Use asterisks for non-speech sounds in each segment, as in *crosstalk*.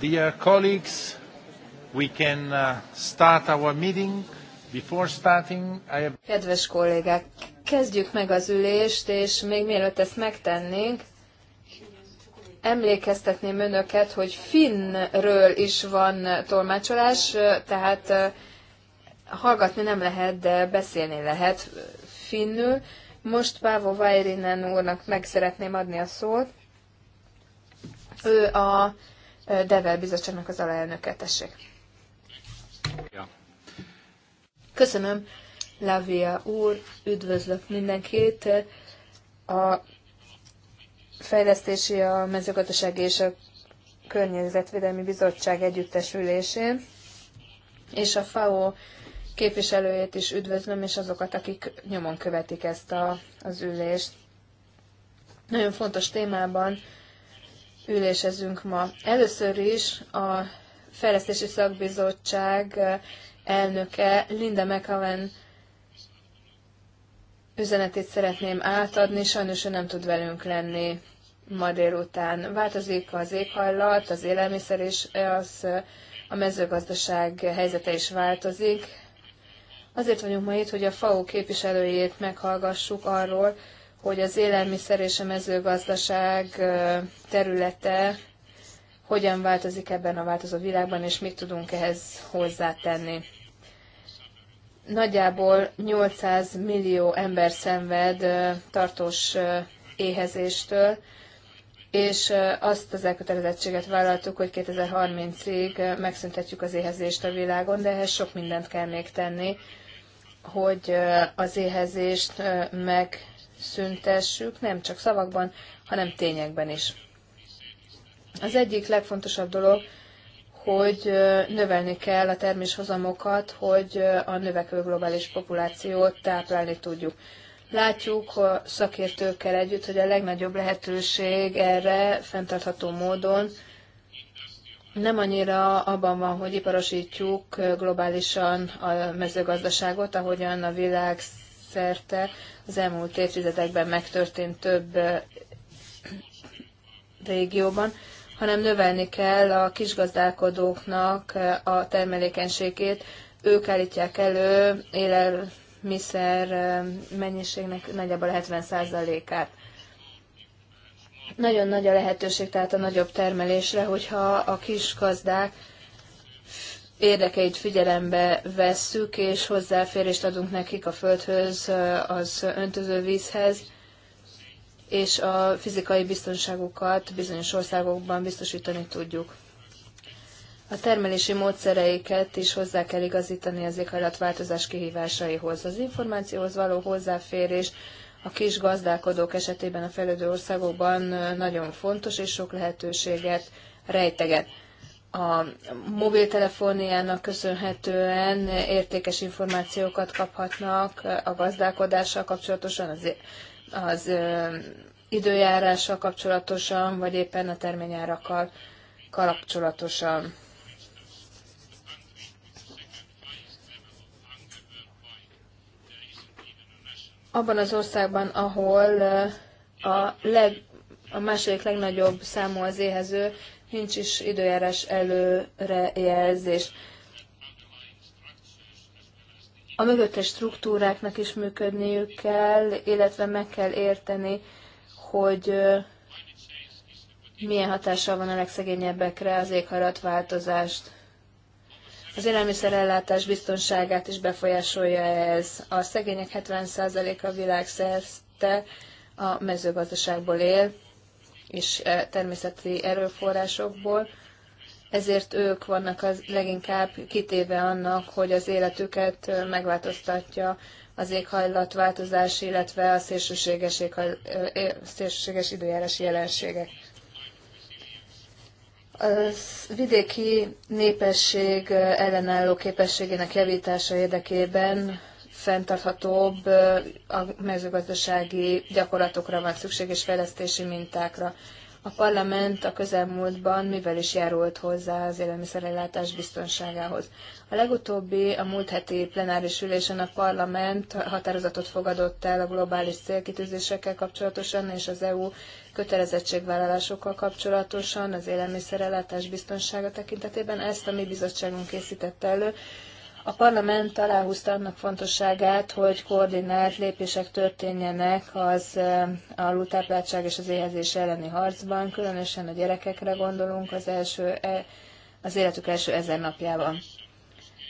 Dear colleagues, we can uh, start our meeting. Before starting, I have... Kedves kollégák, kezdjük meg az ülést, és még mielőtt ezt megtennénk, emlékeztetném önöket, hogy finnről is van tolmácsolás, tehát uh, hallgatni nem lehet, de beszélni lehet finnül. Most Pávo Vajrinen úrnak meg szeretném adni a szót. Ő a Devel bizottságnak az alelnöke, tessék. Ja. Köszönöm, Lavia úr, üdvözlök mindenkit. A fejlesztési, a mezőgazdasági és a környezetvédelmi bizottság együttesülésén, és a FAO képviselőjét is üdvözlöm, és azokat, akik nyomon követik ezt a, az ülést. Nagyon fontos témában ülésezünk ma. Először is a Fejlesztési Szakbizottság elnöke Linda McAven üzenetét szeretném átadni, sajnos ő nem tud velünk lenni ma délután. Változik az éghajlat, az élelmiszer és az, a mezőgazdaság helyzete is változik. Azért vagyunk ma itt, hogy a FAO képviselőjét meghallgassuk arról, hogy az élelmiszer és a mezőgazdaság területe hogyan változik ebben a változó világban, és mit tudunk ehhez hozzátenni. Nagyjából 800 millió ember szenved tartós éhezéstől, és azt az elkötelezettséget vállaltuk, hogy 2030-ig megszüntetjük az éhezést a világon, de ehhez sok mindent kell még tenni, hogy az éhezést meg szüntessük, nem csak szavakban, hanem tényekben is. Az egyik legfontosabb dolog, hogy növelni kell a terméshozamokat, hogy a növekvő globális populációt táplálni tudjuk. Látjuk a szakértőkkel együtt, hogy a legnagyobb lehetőség erre fenntartható módon nem annyira abban van, hogy iparosítjuk globálisan a mezőgazdaságot, ahogyan a világ szerte az elmúlt évtizedekben megtörtént több régióban, hanem növelni kell a kisgazdálkodóknak a termelékenységét. Ők állítják elő élelmiszer mennyiségnek nagyjából 70%-át nagyon nagy a lehetőség tehát a nagyobb termelésre, hogyha a kis gazdák érdekeit figyelembe vesszük, és hozzáférést adunk nekik a földhöz, az öntöző vízhez, és a fizikai biztonságukat bizonyos országokban biztosítani tudjuk. A termelési módszereiket is hozzá kell igazítani az éghajlatváltozás kihívásaihoz. Az információhoz való hozzáférés a kis gazdálkodók esetében a fejlődő országokban nagyon fontos és sok lehetőséget rejteget a mobiltelefóniának köszönhetően értékes információkat kaphatnak a gazdálkodással kapcsolatosan, az, az időjárással kapcsolatosan, vagy éppen a terményárakkal kapcsolatosan. Abban az országban, ahol a, leg, a második legnagyobb számú az éhező, nincs is időjárás előrejelzés. A mögöttes struktúráknak is működniük kell, illetve meg kell érteni, hogy milyen hatással van a legszegényebbekre az éghajlatváltozást. Az élelmiszerellátás biztonságát is befolyásolja ez. A szegények 70%-a világszerte a mezőgazdaságból él, és e, természeti erőforrásokból, ezért ők vannak az leginkább kitéve annak, hogy az életüket e, megváltoztatja az éghajlatváltozás, illetve a szélsőséges, éghajl... E, szélsőséges időjárási jelenségek. A vidéki népesség ellenálló képességének javítása érdekében fenntarthatóbb a mezőgazdasági gyakorlatokra van szükség és fejlesztési mintákra. A parlament a közelmúltban mivel is járult hozzá az élelmiszerellátás biztonságához. A legutóbbi, a múlt heti plenáris ülésen a parlament határozatot fogadott el a globális célkitűzésekkel kapcsolatosan és az EU kötelezettségvállalásokkal kapcsolatosan az élelmiszerellátás biztonsága tekintetében. Ezt a mi bizottságunk készítette elő, a parlament aláhúzta annak fontosságát, hogy koordinált lépések történjenek az eh, alultápláltság és az éhezés elleni harcban, különösen a gyerekekre gondolunk az, első, e, az életük első ezer napjában.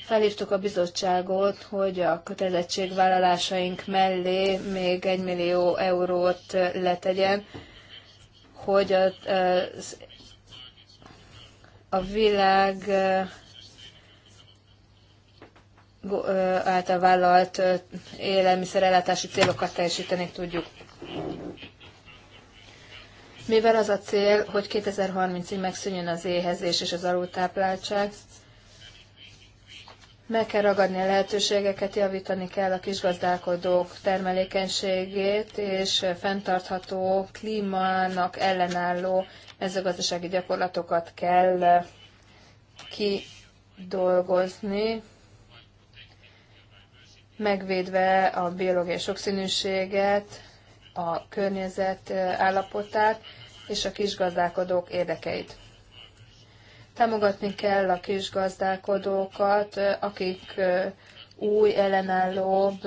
Felhívtuk a bizottságot, hogy a kötelezettségvállalásaink mellé még egy millió eurót eh, letegyen, hogy a eh, a világ által vállalt élelmiszerellátási célokat teljesíteni tudjuk. Mivel az a cél, hogy 2030-ig megszűnjön az éhezés és az alultápláltság, meg kell ragadni a lehetőségeket, javítani kell a kisgazdálkodók termelékenységét, és fenntartható, klímának ellenálló mezőgazdasági gyakorlatokat kell kidolgozni, megvédve a biológiai sokszínűséget, a környezet állapotát és a kisgazdálkodók érdekeit. Támogatni kell a kisgazdálkodókat, akik új, ellenállóbb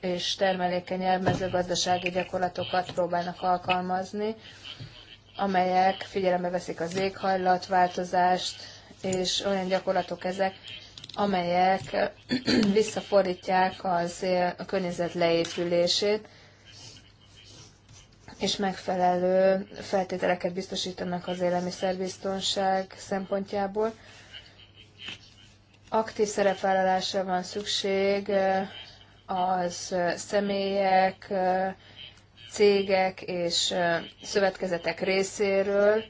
és termelékenyebb mezőgazdasági gyakorlatokat próbálnak alkalmazni, amelyek figyelembe veszik az éghajlatváltozást, és olyan gyakorlatok ezek, amelyek *clears throat* visszafordítják az, a környezet leépülését, és megfelelő feltételeket biztosítanak az élelmiszerbiztonság szempontjából. Aktív szerepvállalásra van szükség az személyek, cégek és szövetkezetek részéről,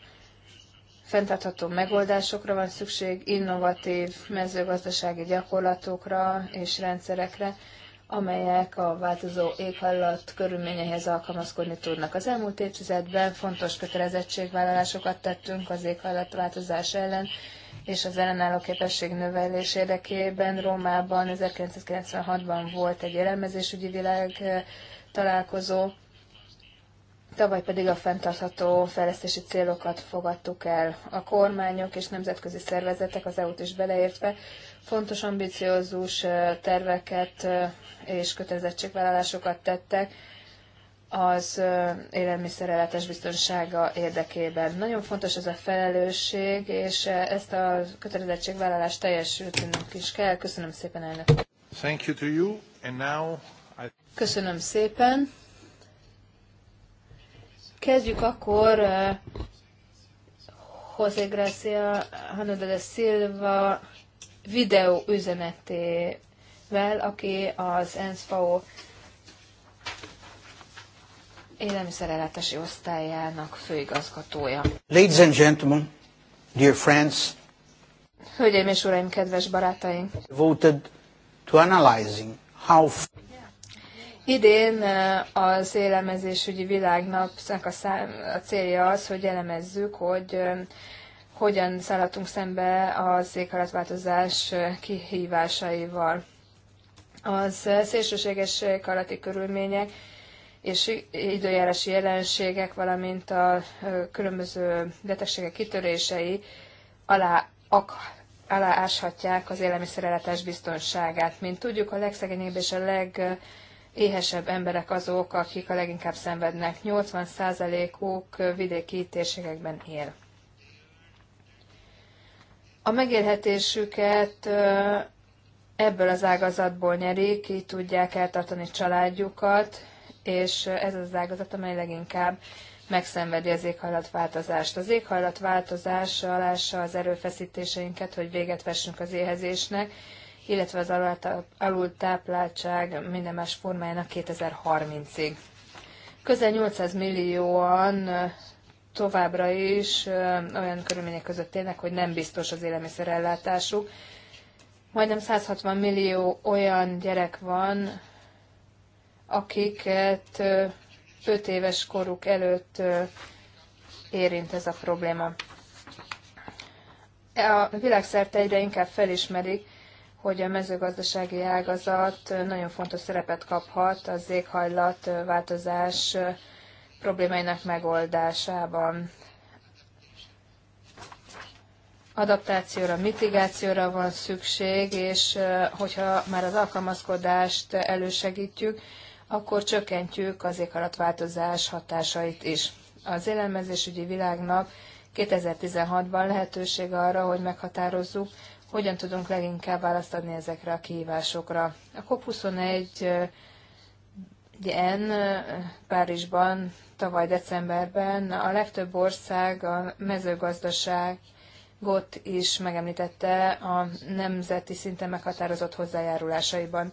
fenntartható megoldásokra van szükség, innovatív mezőgazdasági gyakorlatokra és rendszerekre, amelyek a változó éghajlat körülményeihez alkalmazkodni tudnak. Az elmúlt évtizedben fontos kötelezettségvállalásokat tettünk az éghajlatváltozás ellen, és az ellenálló képesség növelés érdekében Rómában 1996-ban volt egy élelmezésügyi világ eh, találkozó, Tavaly pedig a fenntartható fejlesztési célokat fogadtuk el. A kormányok és nemzetközi szervezetek, az EU-t is beleértve, fontos ambiciózus terveket és kötelezettségvállalásokat tettek az élelmiszerelátás biztonsága érdekében. Nagyon fontos ez a felelősség, és ezt a kötelezettségvállalást teljesültünk is kell. Köszönöm szépen, elnök. Thank you to you, and now I... Köszönöm szépen. Kezdjük akkor José Gracia Hanoda de Silva videó üzenetével, aki az ENSZFAO élelmiszerellátási osztályának főigazgatója. Ladies and gentlemen, dear friends, Hölgyeim és uraim, kedves barátaim. Voted to analyzing how Idén az élemezésügyi világnapnak a, szám, a célja az, hogy elemezzük, hogy hogyan szállhatunk szembe az éghajlatváltozás kihívásaival. Az szélsőséges éghajlati körülmények és időjárási jelenségek, valamint a különböző betegségek kitörései alá, ak, alááshatják az élelmiszerellátás biztonságát. Mint tudjuk, a legszegényebb és a leg éhesebb emberek azok, akik a leginkább szenvednek. 80%-uk vidéki térségekben él. A megélhetésüket ebből az ágazatból nyerik, így tudják eltartani családjukat, és ez az ágazat, amely leginkább megszenvedi az éghajlatváltozást. Az éghajlatváltozás alása az erőfeszítéseinket, hogy véget vessünk az éhezésnek, illetve az alultápláltság minden más formájának 2030-ig. Közel 800 millióan továbbra is olyan körülmények között élnek, hogy nem biztos az élelmiszerellátásuk. Majdnem 160 millió olyan gyerek van, akiket 5 éves koruk előtt érint ez a probléma. A világszerte egyre inkább felismerik, hogy a mezőgazdasági ágazat nagyon fontos szerepet kaphat az éghajlat változás problémáinak megoldásában. Adaptációra, mitigációra van szükség, és hogyha már az alkalmazkodást elősegítjük, akkor csökkentjük az éghajlatváltozás hatásait is. Az élelmezésügyi világnak 2016-ban lehetőség arra, hogy meghatározzuk, hogyan tudunk leginkább választ adni ezekre a kihívásokra. A COP21 Ilyen Párizsban tavaly decemberben a legtöbb ország a mezőgazdaság, Gott is megemlítette a nemzeti szinten meghatározott hozzájárulásaiban.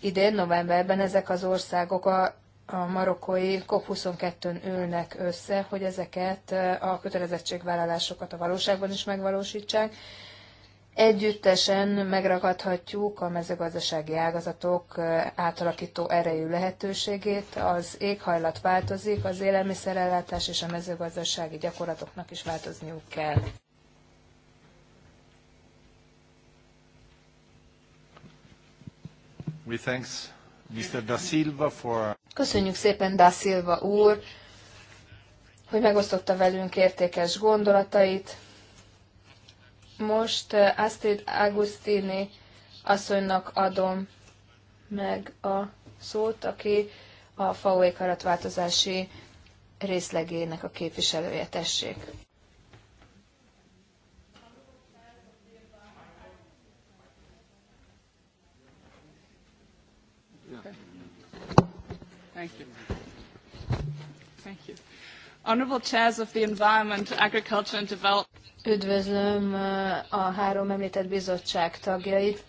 Idén novemberben ezek az országok a a marokkói COP22-n ülnek össze, hogy ezeket a kötelezettségvállalásokat a valóságban is megvalósítsák, együttesen megragadhatjuk a mezőgazdasági ágazatok eh, átalakító erejű lehetőségét. Az éghajlat változik, az élelmiszerellátás és a mezőgazdasági gyakorlatoknak is változniuk kell. We thanks Mr. Da Silva for... Köszönjük szépen Da Silva úr, hogy megosztotta velünk értékes gondolatait most eh, Astrid Agustini asszonynak adom meg a szót, aki a FAO éghajlatváltozási részlegének a képviselője. Tessék! Thank you. Honorable Chairs of the Environment, Agriculture and Development. Üdvözlöm uh, a három említett bizottság tagjait.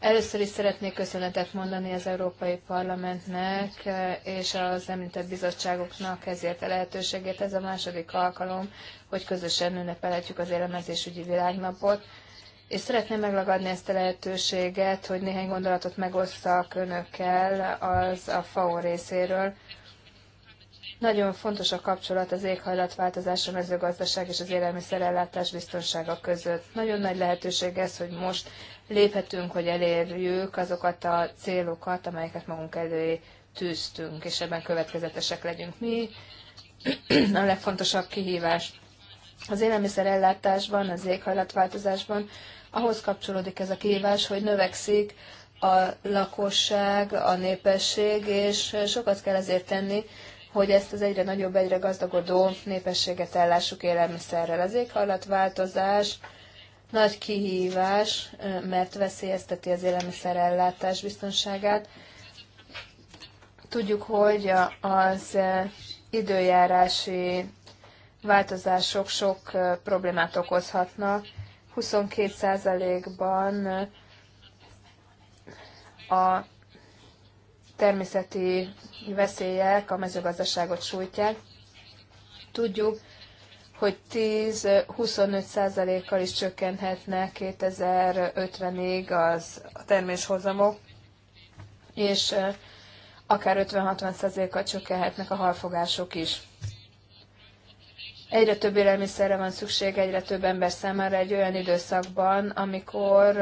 Először is szeretnék köszönetet mondani az Európai Parlamentnek uh, és az említett bizottságoknak ezért a lehetőségét. Ez a második alkalom, hogy közösen ünnepelhetjük az élemezésügyi világnapot. És szeretném meglagadni ezt a lehetőséget, hogy néhány gondolatot megosztak önökkel az a FAO részéről, nagyon fontos a kapcsolat az éghajlatváltozás, a mezőgazdaság és az élelmiszerellátás biztonsága között. Nagyon nagy lehetőség ez, hogy most léphetünk, hogy elérjük azokat a célokat, amelyeket magunk elé tűztünk, és ebben következetesek legyünk. Mi a legfontosabb kihívás az élelmiszerellátásban, az éghajlatváltozásban, ahhoz kapcsolódik ez a kihívás, hogy növekszik a lakosság, a népesség, és sokat kell ezért tenni, hogy ezt az egyre nagyobb, egyre gazdagodó népességet ellássuk élelmiszerrel. Az éghajlatváltozás nagy kihívás, mert veszélyezteti az élelmiszerellátás biztonságát. Tudjuk, hogy az időjárási változások sok problémát okozhatnak. 22%-ban a természeti veszélyek a mezőgazdaságot sújtják. Tudjuk, hogy 10-25%-kal is csökkenhetnek 2050-ig az a terméshozamok, és akár 50-60%-kal csökkenhetnek a halfogások is. Egyre több élelmiszerre van szükség egyre több ember számára egy olyan időszakban, amikor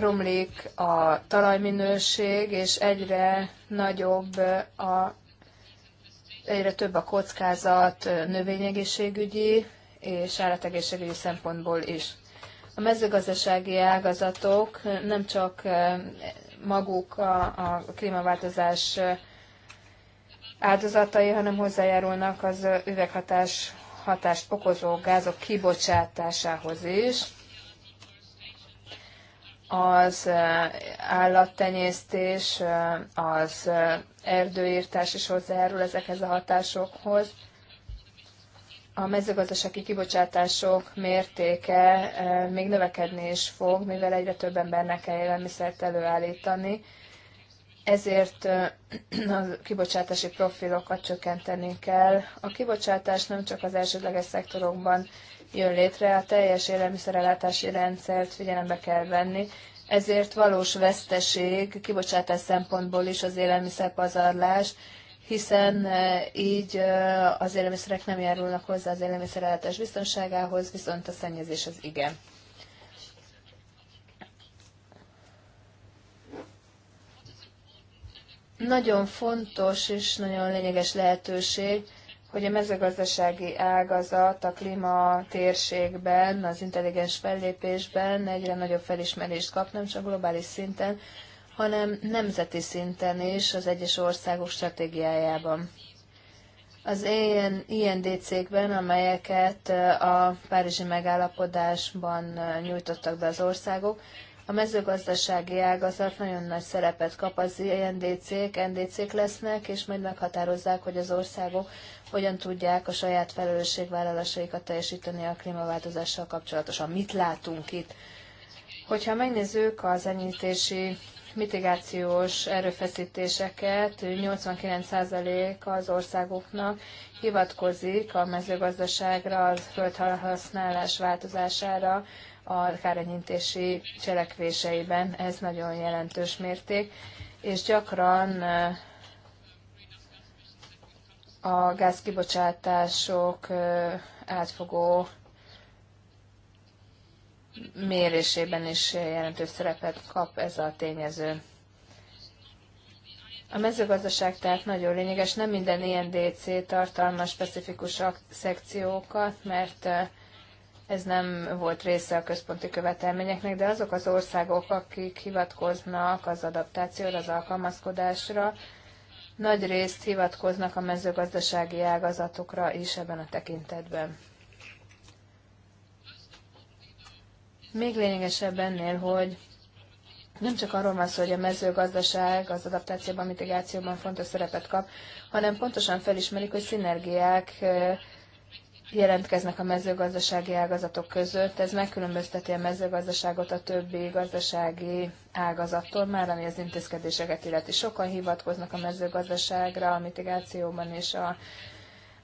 romlik a talajminőség, és egyre nagyobb a egyre több a kockázat növényegészségügyi és állategészségügyi szempontból is. A mezőgazdasági ágazatok nem csak maguk a, a klímaváltozás áldozatai, hanem hozzájárulnak az üveghatás hatást okozó gázok kibocsátásához is az állattenyésztés, az erdőírtás is hozzájárul ezekhez a hatásokhoz. A mezőgazdasági kibocsátások mértéke még növekedni is fog, mivel egyre több embernek kell élelmiszert előállítani, ezért a kibocsátási profilokat csökkenteni kell. A kibocsátás nem csak az elsődleges szektorokban jön létre, a teljes élelmiszerellátási rendszert figyelembe kell venni, ezért valós veszteség kibocsátás szempontból is az élelmiszerpazarlás, hiszen eh, így eh, az élelmiszerek nem járulnak hozzá az élelmiszerellátás biztonságához, viszont a szennyezés az igen. Nagyon fontos és nagyon lényeges lehetőség, hogy a mezőgazdasági ágazat a klíma térségben, az intelligens fellépésben egyre nagyobb felismerést kap, nem csak globális szinten, hanem nemzeti szinten is az egyes országok stratégiájában. Az ilyen, ilyen cégben, amelyeket a Párizsi megállapodásban nyújtottak be az országok, a mezőgazdasági ágazat nagyon nagy szerepet kap az NDC-k, NDC-k lesznek, és majd meghatározzák, hogy az országok hogyan tudják a saját felelősségvállalásaikat teljesíteni a klímaváltozással kapcsolatosan. Mit látunk itt? Hogyha megnézzük az enyítési mitigációs erőfeszítéseket 89% az országoknak hivatkozik a mezőgazdaságra, a földhasználás változására, a kárenyintési cselekvéseiben. Ez nagyon jelentős mérték, és gyakran eh, a gázkibocsátások eh, átfogó mérésében is jelentős szerepet kap ez a tényező. A mezőgazdaság tehát nagyon lényeges, nem minden INDC tartalmaz specifikus szekciókat, mert eh, ez nem volt része a központi követelményeknek, de azok az országok, akik hivatkoznak az adaptációra, az alkalmazkodásra, nagy részt hivatkoznak a mezőgazdasági ágazatokra is ebben a tekintetben. Még lényegesebb ennél, hogy nem csak arról van szó, hogy a mezőgazdaság az adaptációban, mitigációban fontos szerepet kap, hanem pontosan felismerik, hogy szinergiák eh, jelentkeznek a mezőgazdasági ágazatok között. Ez megkülönbözteti a mezőgazdaságot a többi gazdasági ágazattól, már ami az intézkedéseket illeti. Sokan hivatkoznak a mezőgazdaságra, a mitigációban és a,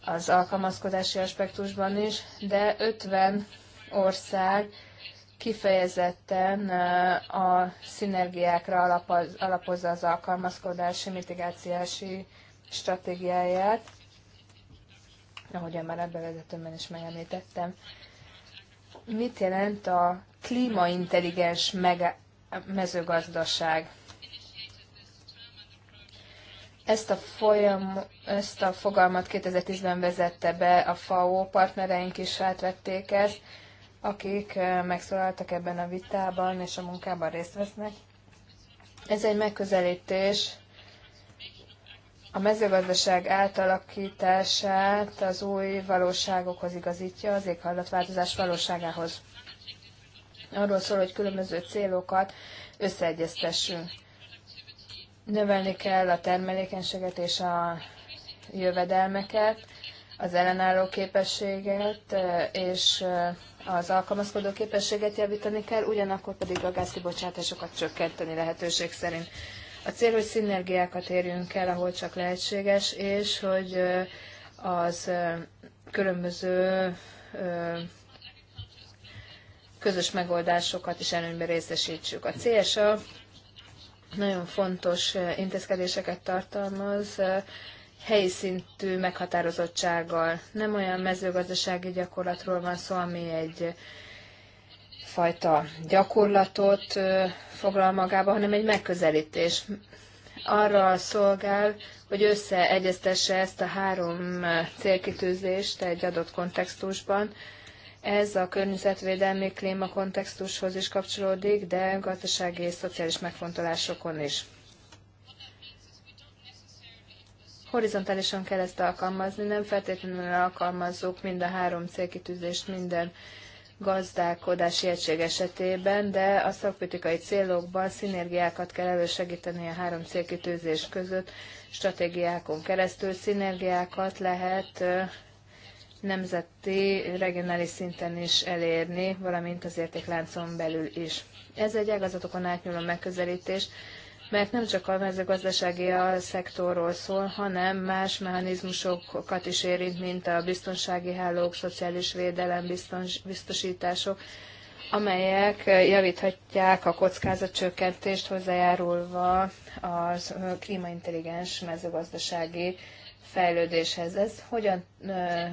az alkalmazkodási aspektusban is, de 50 ország kifejezetten a szinergiákra alapozza az alkalmazkodási mitigációsi stratégiáját ahogyan már a vezetőmben is megemlítettem. Mit jelent a klímaintelligens mezőgazdaság? Ezt a, folyam, ezt a fogalmat 2010-ben vezette be a FAO, partnereink is átvették ezt, akik megszólaltak ebben a vitában és a munkában részt vesznek. Ez egy megközelítés, a mezőgazdaság átalakítását az új valóságokhoz igazítja, az éghajlatváltozás valóságához. Arról szól, hogy különböző célokat összeegyeztessünk. Növelni kell a termelékenységet és a jövedelmeket, az ellenálló képességet és az alkalmazkodó képességet javítani kell, ugyanakkor pedig a gázkibocsátásokat csökkenteni lehetőség szerint. A cél, hogy szinergiákat érjünk el, ahol csak lehetséges, és hogy az különböző közös megoldásokat is előnybe részesítsük. A CSA nagyon fontos intézkedéseket tartalmaz, helyi szintű meghatározottsággal. Nem olyan mezőgazdasági gyakorlatról van szó, ami egy egyfajta gyakorlatot foglal magába, hanem egy megközelítés. Arra szolgál, hogy összeegyeztesse ezt a három célkitűzést egy adott kontextusban. Ez a környezetvédelmi klíma kontextushoz is kapcsolódik, de gazdasági és szociális megfontolásokon is. Horizontálisan kell ezt alkalmazni, nem feltétlenül alkalmazzuk mind a három célkitűzést minden gazdálkodási egység esetében, de a szakpolitikai célokban szinergiákat kell elősegíteni a három célkitűzés között, stratégiákon keresztül szinergiákat lehet nemzeti, regionális szinten is elérni, valamint az értékláncon belül is. Ez egy ágazatokon átnyúló megközelítés, mert nem csak a mezőgazdasági a szektorról szól, hanem más mechanizmusokat is érint, mint a biztonsági hálók, szociális védelem, biztons, biztosítások, amelyek javíthatják a kockázatcsökkentést, hozzájárulva az klímaintelligens mezőgazdasági fejlődéshez. Ez hogyan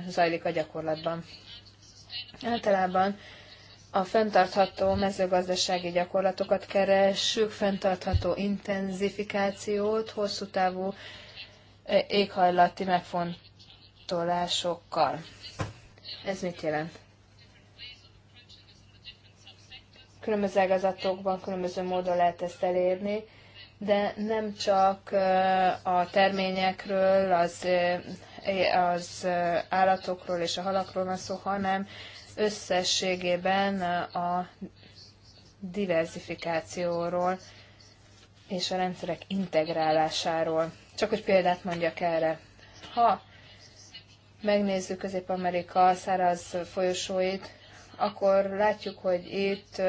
zajlik a gyakorlatban? Általában a fenntartható mezőgazdasági gyakorlatokat keressük, fenntartható intenzifikációt, hosszú távú eh, éghajlati megfontolásokkal. Ez mit jelent? Különböző ágazatokban különböző módon lehet ezt elérni, de nem csak eh, a terményekről, az, eh, az állatokról és a halakról van szó, hanem összességében a diversifikációról és a rendszerek integrálásáról. Csak hogy példát mondjak erre. Ha megnézzük Közép-Amerika száraz folyosóit, akkor látjuk, hogy itt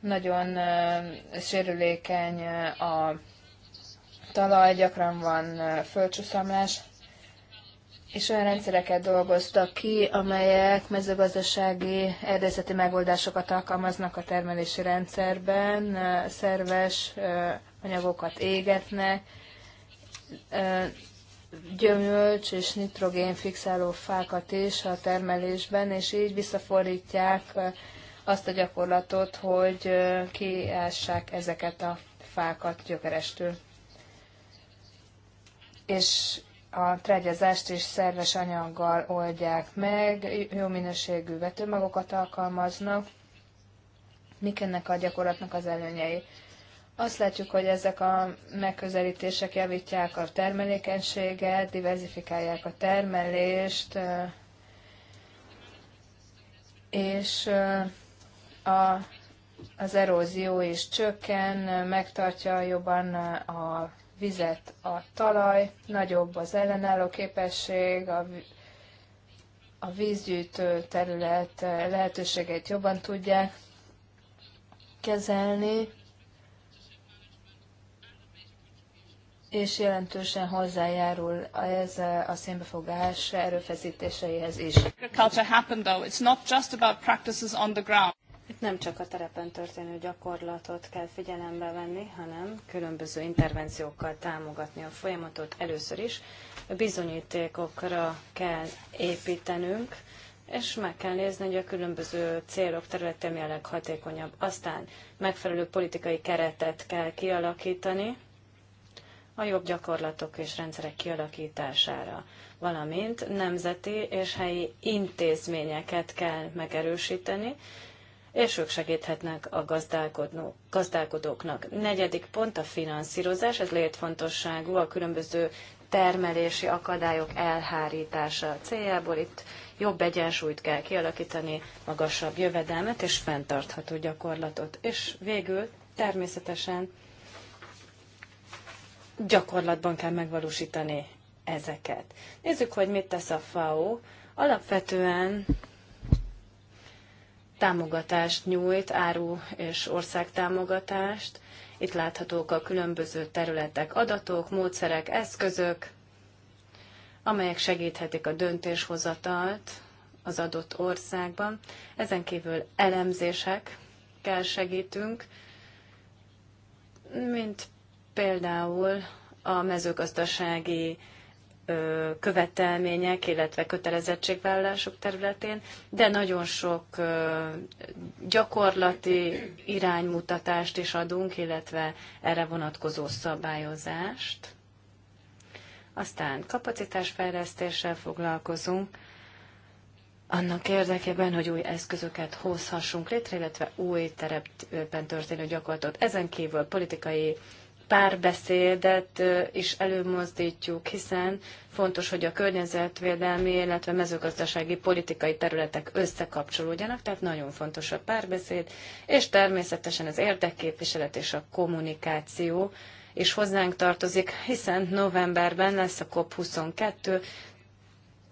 nagyon sérülékeny a talaj, gyakran van földcsúszamlás, és olyan rendszereket dolgoztak ki, amelyek mezőgazdasági erdészeti megoldásokat alkalmaznak a termelési rendszerben, szerves anyagokat égetnek, gyömölcs és nitrogén fixáló fákat is a termelésben, és így visszafordítják azt a gyakorlatot, hogy kiássák ezeket a fákat gyökerestül. És a tregyezást is szerves anyaggal oldják meg, jó minőségű vetőmagokat alkalmaznak. Mik ennek a gyakorlatnak az előnyei? Azt látjuk, hogy ezek a megközelítések javítják a termelékenységet, diversifikálják a termelést, és a, az erózió is csökken, megtartja jobban a vizet a talaj, nagyobb az ellenálló képesség, a, a vízgyűjtő terület eh, lehetőségeit jobban tudják kezelni, és jelentősen hozzájárul ez a szénbefogás erőfeszítéseihez is. Agriculture happened though. It's not just about practices on the ground. Itt nem csak a terepen történő gyakorlatot kell figyelembe venni, hanem különböző intervenciókkal támogatni a folyamatot először is. A bizonyítékokra kell építenünk, és meg kell nézni, hogy a különböző célok területén mi a leghatékonyabb. Aztán megfelelő politikai keretet kell kialakítani a jobb gyakorlatok és rendszerek kialakítására, valamint nemzeti és helyi intézményeket kell megerősíteni, és ők segíthetnek a gazdálkodóknak. Negyedik pont a finanszírozás, ez létfontosságú a különböző termelési akadályok elhárítása céljából. Itt jobb egyensúlyt kell kialakítani, magasabb jövedelmet és fenntartható gyakorlatot. És végül természetesen gyakorlatban kell megvalósítani ezeket. Nézzük, hogy mit tesz a FAO. Alapvetően támogatást nyújt, áru és támogatást. Itt láthatók a különböző területek, adatok, módszerek, eszközök, amelyek segíthetik a döntéshozatalt az adott országban. Ezen kívül elemzésekkel segítünk, mint például a mezőgazdasági követelmények, illetve kötelezettségvállalások területén, de nagyon sok gyakorlati iránymutatást is adunk, illetve erre vonatkozó szabályozást. Aztán kapacitásfejlesztéssel foglalkozunk, annak érdekében, hogy új eszközöket hozhassunk létre, illetve új terepben történő gyakorlatot. Ezen kívül politikai párbeszédet is előmozdítjuk, hiszen fontos, hogy a környezetvédelmi, illetve mezőgazdasági politikai területek összekapcsolódjanak, tehát nagyon fontos a párbeszéd, és természetesen az érdekképviselet és a kommunikáció is hozzánk tartozik, hiszen novemberben lesz a COP22,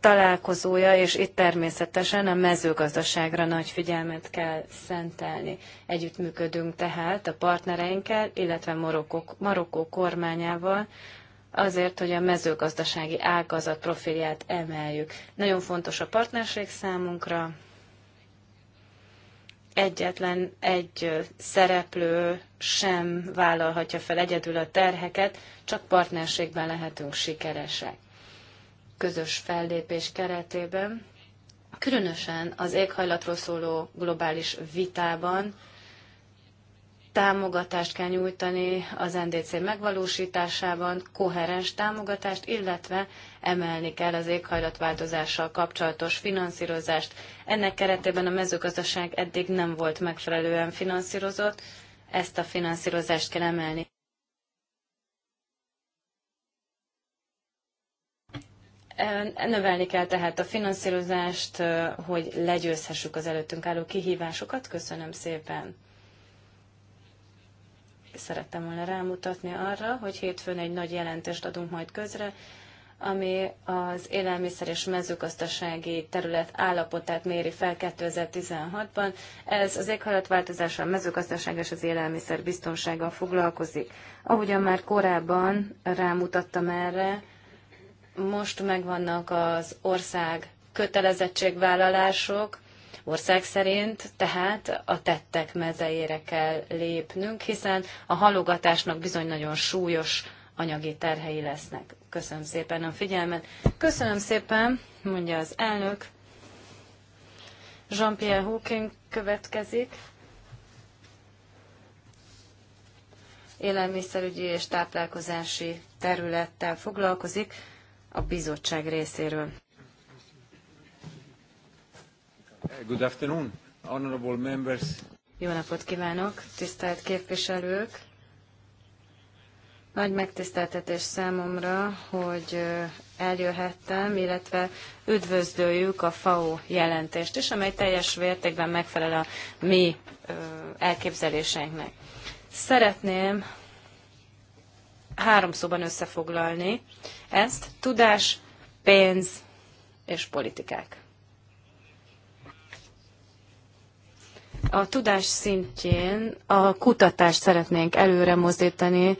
találkozója, és itt természetesen a mezőgazdaságra nagy figyelmet kell szentelni. Együttműködünk tehát a partnereinkkel, illetve Marokkó, Marokkó kormányával, azért, hogy a mezőgazdasági ágazat profilját emeljük. Nagyon fontos a partnerség számunkra. Egyetlen egy szereplő sem vállalhatja fel egyedül a terheket, csak partnerségben lehetünk sikeresek közös fellépés keretében, különösen az éghajlatról szóló globális vitában támogatást kell nyújtani az NDC megvalósításában, koherens támogatást, illetve emelni kell az éghajlatváltozással kapcsolatos finanszírozást. Ennek keretében a mezőgazdaság eddig nem volt megfelelően finanszírozott, ezt a finanszírozást kell emelni. Növelni kell tehát a finanszírozást, hogy legyőzhessük az előttünk álló kihívásokat. Köszönöm szépen! Szerettem volna rámutatni arra, hogy hétfőn egy nagy jelentést adunk majd közre, ami az élelmiszer és mezőgazdasági terület állapotát méri fel 2016-ban. Ez az éghajlatváltozás, a mezőgazdaság és az élelmiszer biztonsággal foglalkozik. Ahogyan már korábban rámutattam erre, most megvannak az ország kötelezettségvállalások, ország szerint, tehát a tettek mezeére kell lépnünk, hiszen a halogatásnak bizony nagyon súlyos anyagi terhei lesznek. Köszönöm szépen a figyelmet. Köszönöm szépen, mondja az elnök. Jean-Pierre Hawking következik. Élelmiszerügyi és táplálkozási területtel foglalkozik a bizottság részéről. Good afternoon, honorable members. Jó napot kívánok, tisztelt képviselők! Nagy megtiszteltetés számomra, hogy eljöhettem, illetve üdvözlőjük a FAO jelentést is, amely teljes vértékben megfelel a mi elképzeléseinknek. Szeretném három szóban összefoglalni ezt. Tudás, pénz és politikák. A tudás szintjén a kutatást szeretnénk előre mozdítani,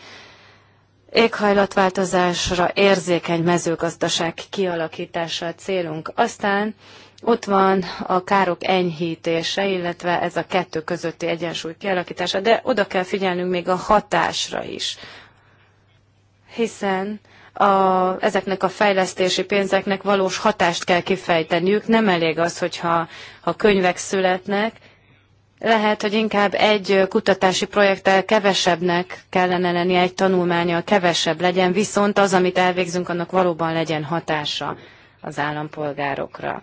éghajlatváltozásra érzékeny mezőgazdaság kialakítása a célunk. Aztán ott van a károk enyhítése, illetve ez a kettő közötti egyensúly kialakítása, de oda kell figyelnünk még a hatásra is, hiszen a, ezeknek a fejlesztési pénzeknek valós hatást kell kifejteniük. Nem elég az, hogyha ha könyvek születnek, lehet, hogy inkább egy kutatási projekttel kevesebbnek kellene lenni, egy tanulmánya kevesebb legyen, viszont az, amit elvégzünk, annak valóban legyen hatása az állampolgárokra.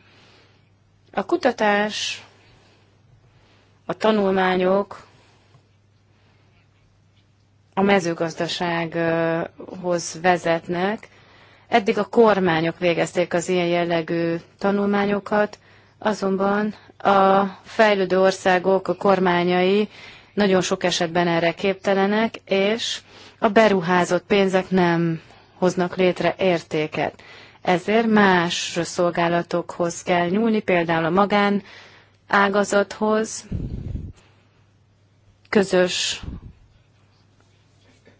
A kutatás, a tanulmányok a mezőgazdasághoz vezetnek. Eddig a kormányok végezték az ilyen jellegű tanulmányokat, azonban a fejlődő országok, a kormányai nagyon sok esetben erre képtelenek, és a beruházott pénzek nem hoznak létre értéket. Ezért más szolgálatokhoz kell nyúlni, például a magán ágazathoz, közös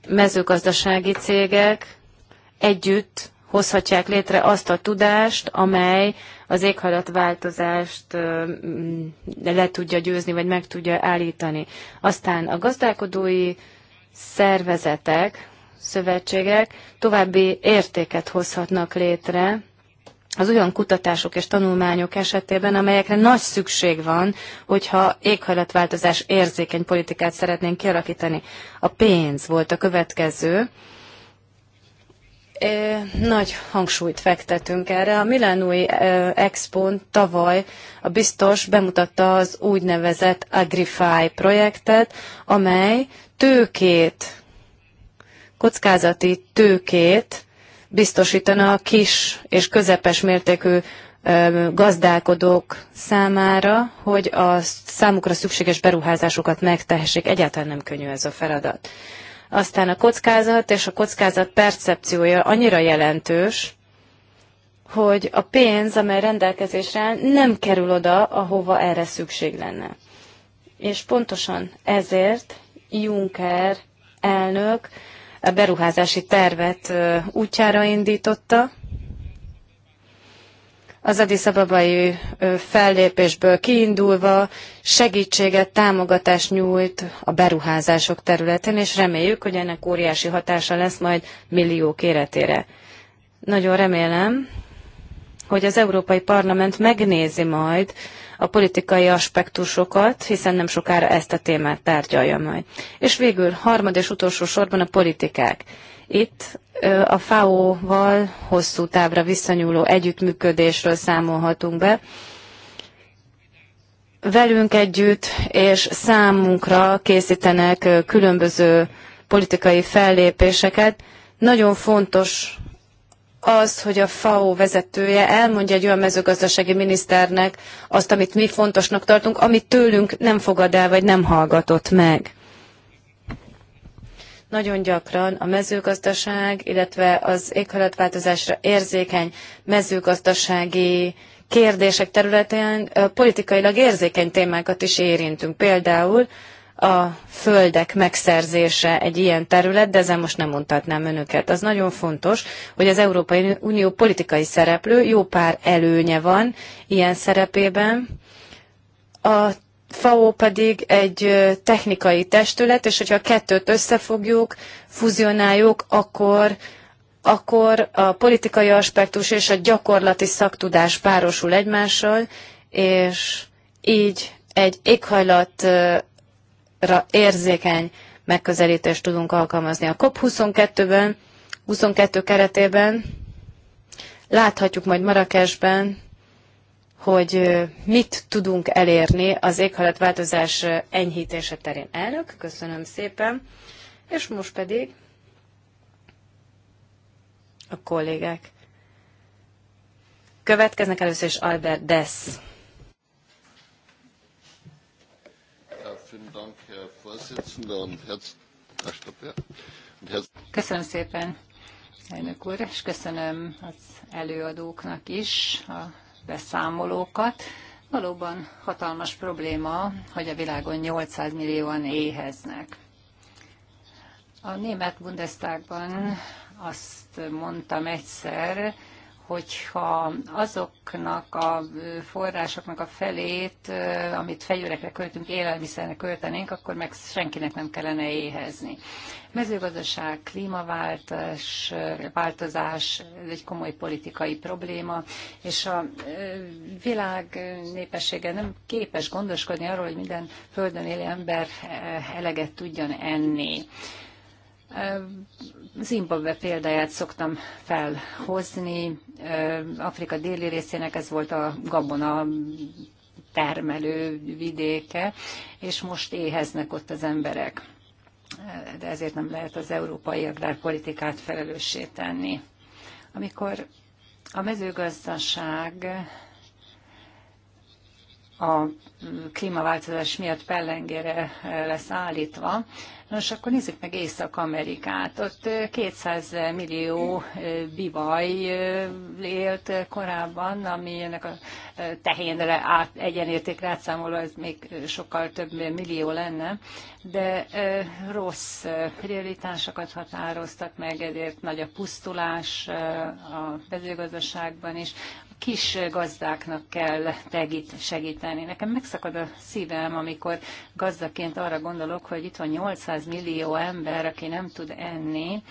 mezőgazdasági cégek együtt hozhatják létre azt a tudást, amely az éghajlatváltozást mm, le tudja győzni, vagy meg tudja állítani. Aztán a gazdálkodói szervezetek, szövetségek további értéket hozhatnak létre, az olyan kutatások és tanulmányok esetében, amelyekre nagy szükség van, hogyha éghajlatváltozás érzékeny politikát szeretnénk kialakítani. A pénz volt a következő. Nagy hangsúlyt fektetünk erre. A Milánói expo tavaly a biztos bemutatta az úgynevezett Agrify projektet, amely tőkét, kockázati tőkét biztosítana a kis és közepes mértékű gazdálkodók számára, hogy a számukra szükséges beruházásokat megtehessék. Egyáltalán nem könnyű ez a feladat. Aztán a kockázat és a kockázat percepciója annyira jelentős, hogy a pénz, amely rendelkezésre áll, nem kerül oda, ahova erre szükség lenne. És pontosan ezért Juncker elnök a beruházási tervet útjára indította. Az Addis Ababai fellépésből kiindulva segítséget, támogatást nyújt a beruházások területén, és reméljük, hogy ennek óriási hatása lesz majd milliók életére. Nagyon remélem, hogy az Európai Parlament megnézi majd, a politikai aspektusokat, hiszen nem sokára ezt a témát tárgyalja majd. És végül harmad és utolsó sorban a politikák. Itt a FAO-val hosszú távra visszanyúló együttműködésről számolhatunk be. Velünk együtt és számunkra készítenek különböző politikai fellépéseket. Nagyon fontos az, hogy a FAO vezetője elmondja egy olyan mezőgazdasági miniszternek azt, amit mi fontosnak tartunk, amit tőlünk nem fogad el, vagy nem hallgatott meg. Nagyon gyakran a mezőgazdaság, illetve az éghajlatváltozásra érzékeny mezőgazdasági kérdések területén politikailag érzékeny témákat is érintünk. Például a földek megszerzése egy ilyen terület, de ezzel most nem mondhatnám önöket. Az nagyon fontos, hogy az Európai Unió politikai szereplő, jó pár előnye van ilyen szerepében. A FAO pedig egy technikai testület, és hogyha a kettőt összefogjuk, fuzionáljuk, akkor akkor a politikai aspektus és a gyakorlati szaktudás párosul egymással, és így egy éghajlat érzékeny megközelítést tudunk alkalmazni. A COP22-ben, 22 keretében láthatjuk majd Marrakesben, hogy mit tudunk elérni az éghajlatváltozás enyhítése terén. Elnök, köszönöm szépen, és most pedig a kollégák. Következnek először is Albert Dess. Köszönöm szépen, elnök úr, és köszönöm az előadóknak is a beszámolókat. Valóban hatalmas probléma, hogy a világon 800 millióan éheznek. A német Bundestagban azt mondtam egyszer, hogyha azoknak a forrásoknak a felét, amit fegyverekre költünk, élelmiszerre költenénk, akkor meg senkinek nem kellene éhezni. Mezőgazdaság, klímaváltás, változás, ez egy komoly politikai probléma, és a világ népessége nem képes gondoskodni arról, hogy minden földön élő ember eleget tudjon enni. Zimbabwe példáját szoktam felhozni. Afrika déli részének ez volt a gabona termelő vidéke, és most éheznek ott az emberek. De ezért nem lehet az európai agrárpolitikát felelőssé tenni. Amikor a mezőgazdaság a klímaváltozás miatt pellengére eh, lesz állítva. Nos, akkor nézzük meg Észak-Amerikát. Ott 200 eh, millió eh, bivaj élt korábban, ami ennek a tehénre át, egyenértékre átszámolva ez még sokkal több millió lenne, de rossz prioritásokat határoztak meg, ezért nagy a pusztulás a mezőgazdaságban is kis gazdáknak kell segíteni. Nekem megszakad a szívem, amikor gazdaként arra gondolok, hogy itt van 800 millió ember, aki nem tud enni,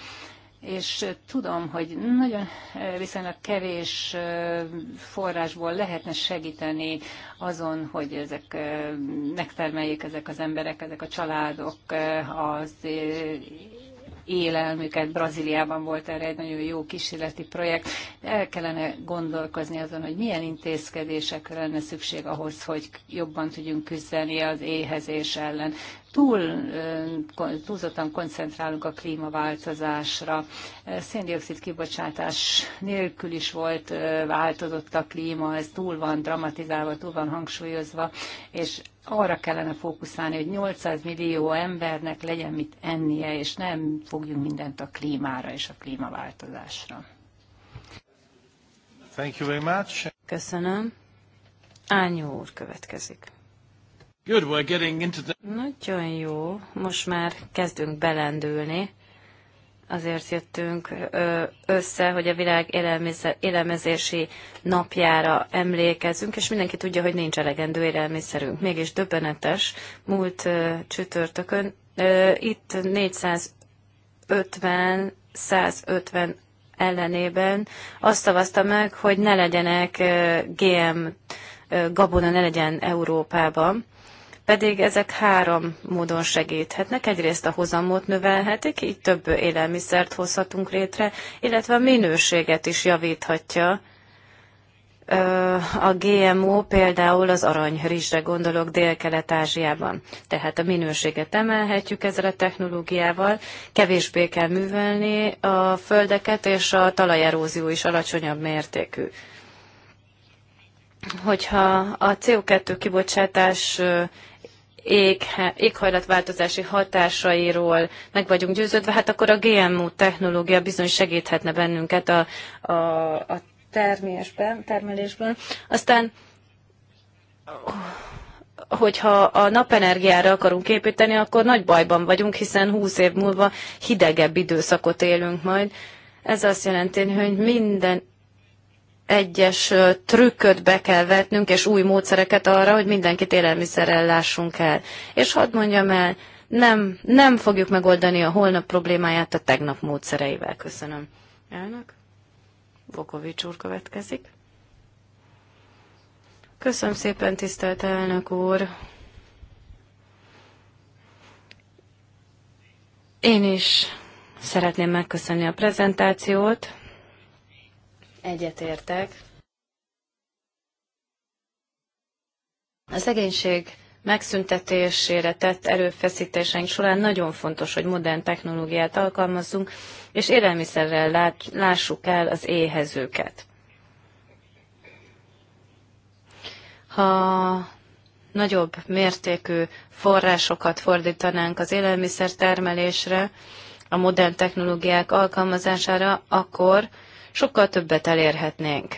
és tudom, hogy nagyon eh, viszonylag kevés eh, forrásból lehetne segíteni azon, hogy ezek eh, megtermeljék ezek az emberek, ezek a családok az élelmüket. Brazíliában volt erre egy nagyon jó kísérleti projekt. El kellene gondolkozni azon, hogy milyen intézkedésekre lenne szükség ahhoz, hogy jobban tudjunk küzdeni az éhezés ellen. Túl, túlzottan koncentrálunk a klímaváltozásra. Széndiokszid kibocsátás nélkül is volt, változott a klíma, ez túl van dramatizálva, túl van hangsúlyozva, és arra kellene fókuszálni, hogy 800 millió embernek legyen mit ennie, és nem fogjunk mindent a klímára és a klímaváltozásra. Thank you very much. Köszönöm. Ányó úr következik. Good, we're getting into the... Nagyon jó, most már kezdünk belendülni azért jöttünk össze, hogy a világ élelmezési napjára emlékezzünk, és mindenki tudja, hogy nincs elegendő élelmiszerünk. Mégis döbbenetes múlt csütörtökön. Itt 450 150 ellenében azt szavazta meg, hogy ne legyenek GM gabona, ne legyen Európában pedig ezek három módon segíthetnek. Egyrészt a hozamot növelhetik, így több élelmiszert hozhatunk létre, illetve a minőséget is javíthatja. A GMO például az aranyrizsre gondolok Dél-Kelet-Ázsiában. Tehát a minőséget emelhetjük ezzel a technológiával, kevésbé kell művelni a földeket, és a talajerózió is alacsonyabb mértékű hogyha a CO2 kibocsátás ég, éghajlatváltozási hatásairól meg vagyunk győződve, hát akkor a GMO technológia bizony segíthetne bennünket a, a, a termésben, termelésben. Aztán hogyha a napenergiára akarunk építeni, akkor nagy bajban vagyunk, hiszen 20 év múlva hidegebb időszakot élünk majd. Ez azt jelenti, hogy minden egyes trükköt be kell vetnünk, és új módszereket arra, hogy mindenkit élelmiszerrel lássunk el. És hadd mondjam el, nem, nem fogjuk megoldani a holnap problémáját a tegnap módszereivel. Köszönöm. Elnök? Vokovics úr következik. Köszönöm szépen, tisztelt elnök úr. Én is szeretném megköszönni a prezentációt egyetértek. A szegénység megszüntetésére tett erőfeszítéseink során nagyon fontos, hogy modern technológiát alkalmazzunk, és élelmiszerrel lát, lássuk el az éhezőket. Ha nagyobb mértékű forrásokat fordítanánk az élelmiszer termelésre, a modern technológiák alkalmazására, akkor sokkal többet elérhetnénk.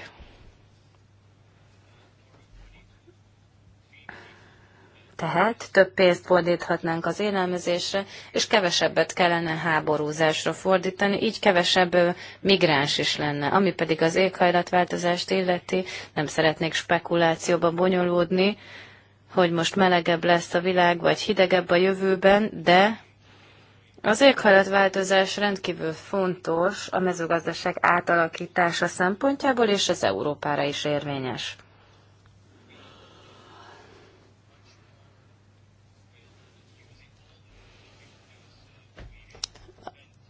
Tehát több pénzt fordíthatnánk az élelmezésre, és kevesebbet kellene háborúzásra fordítani, így kevesebb migráns is lenne. Ami pedig az éghajlatváltozást illeti, nem szeretnék spekulációba bonyolódni, hogy most melegebb lesz a világ, vagy hidegebb a jövőben, de az éghajlatváltozás rendkívül fontos a mezőgazdaság átalakítása szempontjából, és ez Európára is érvényes.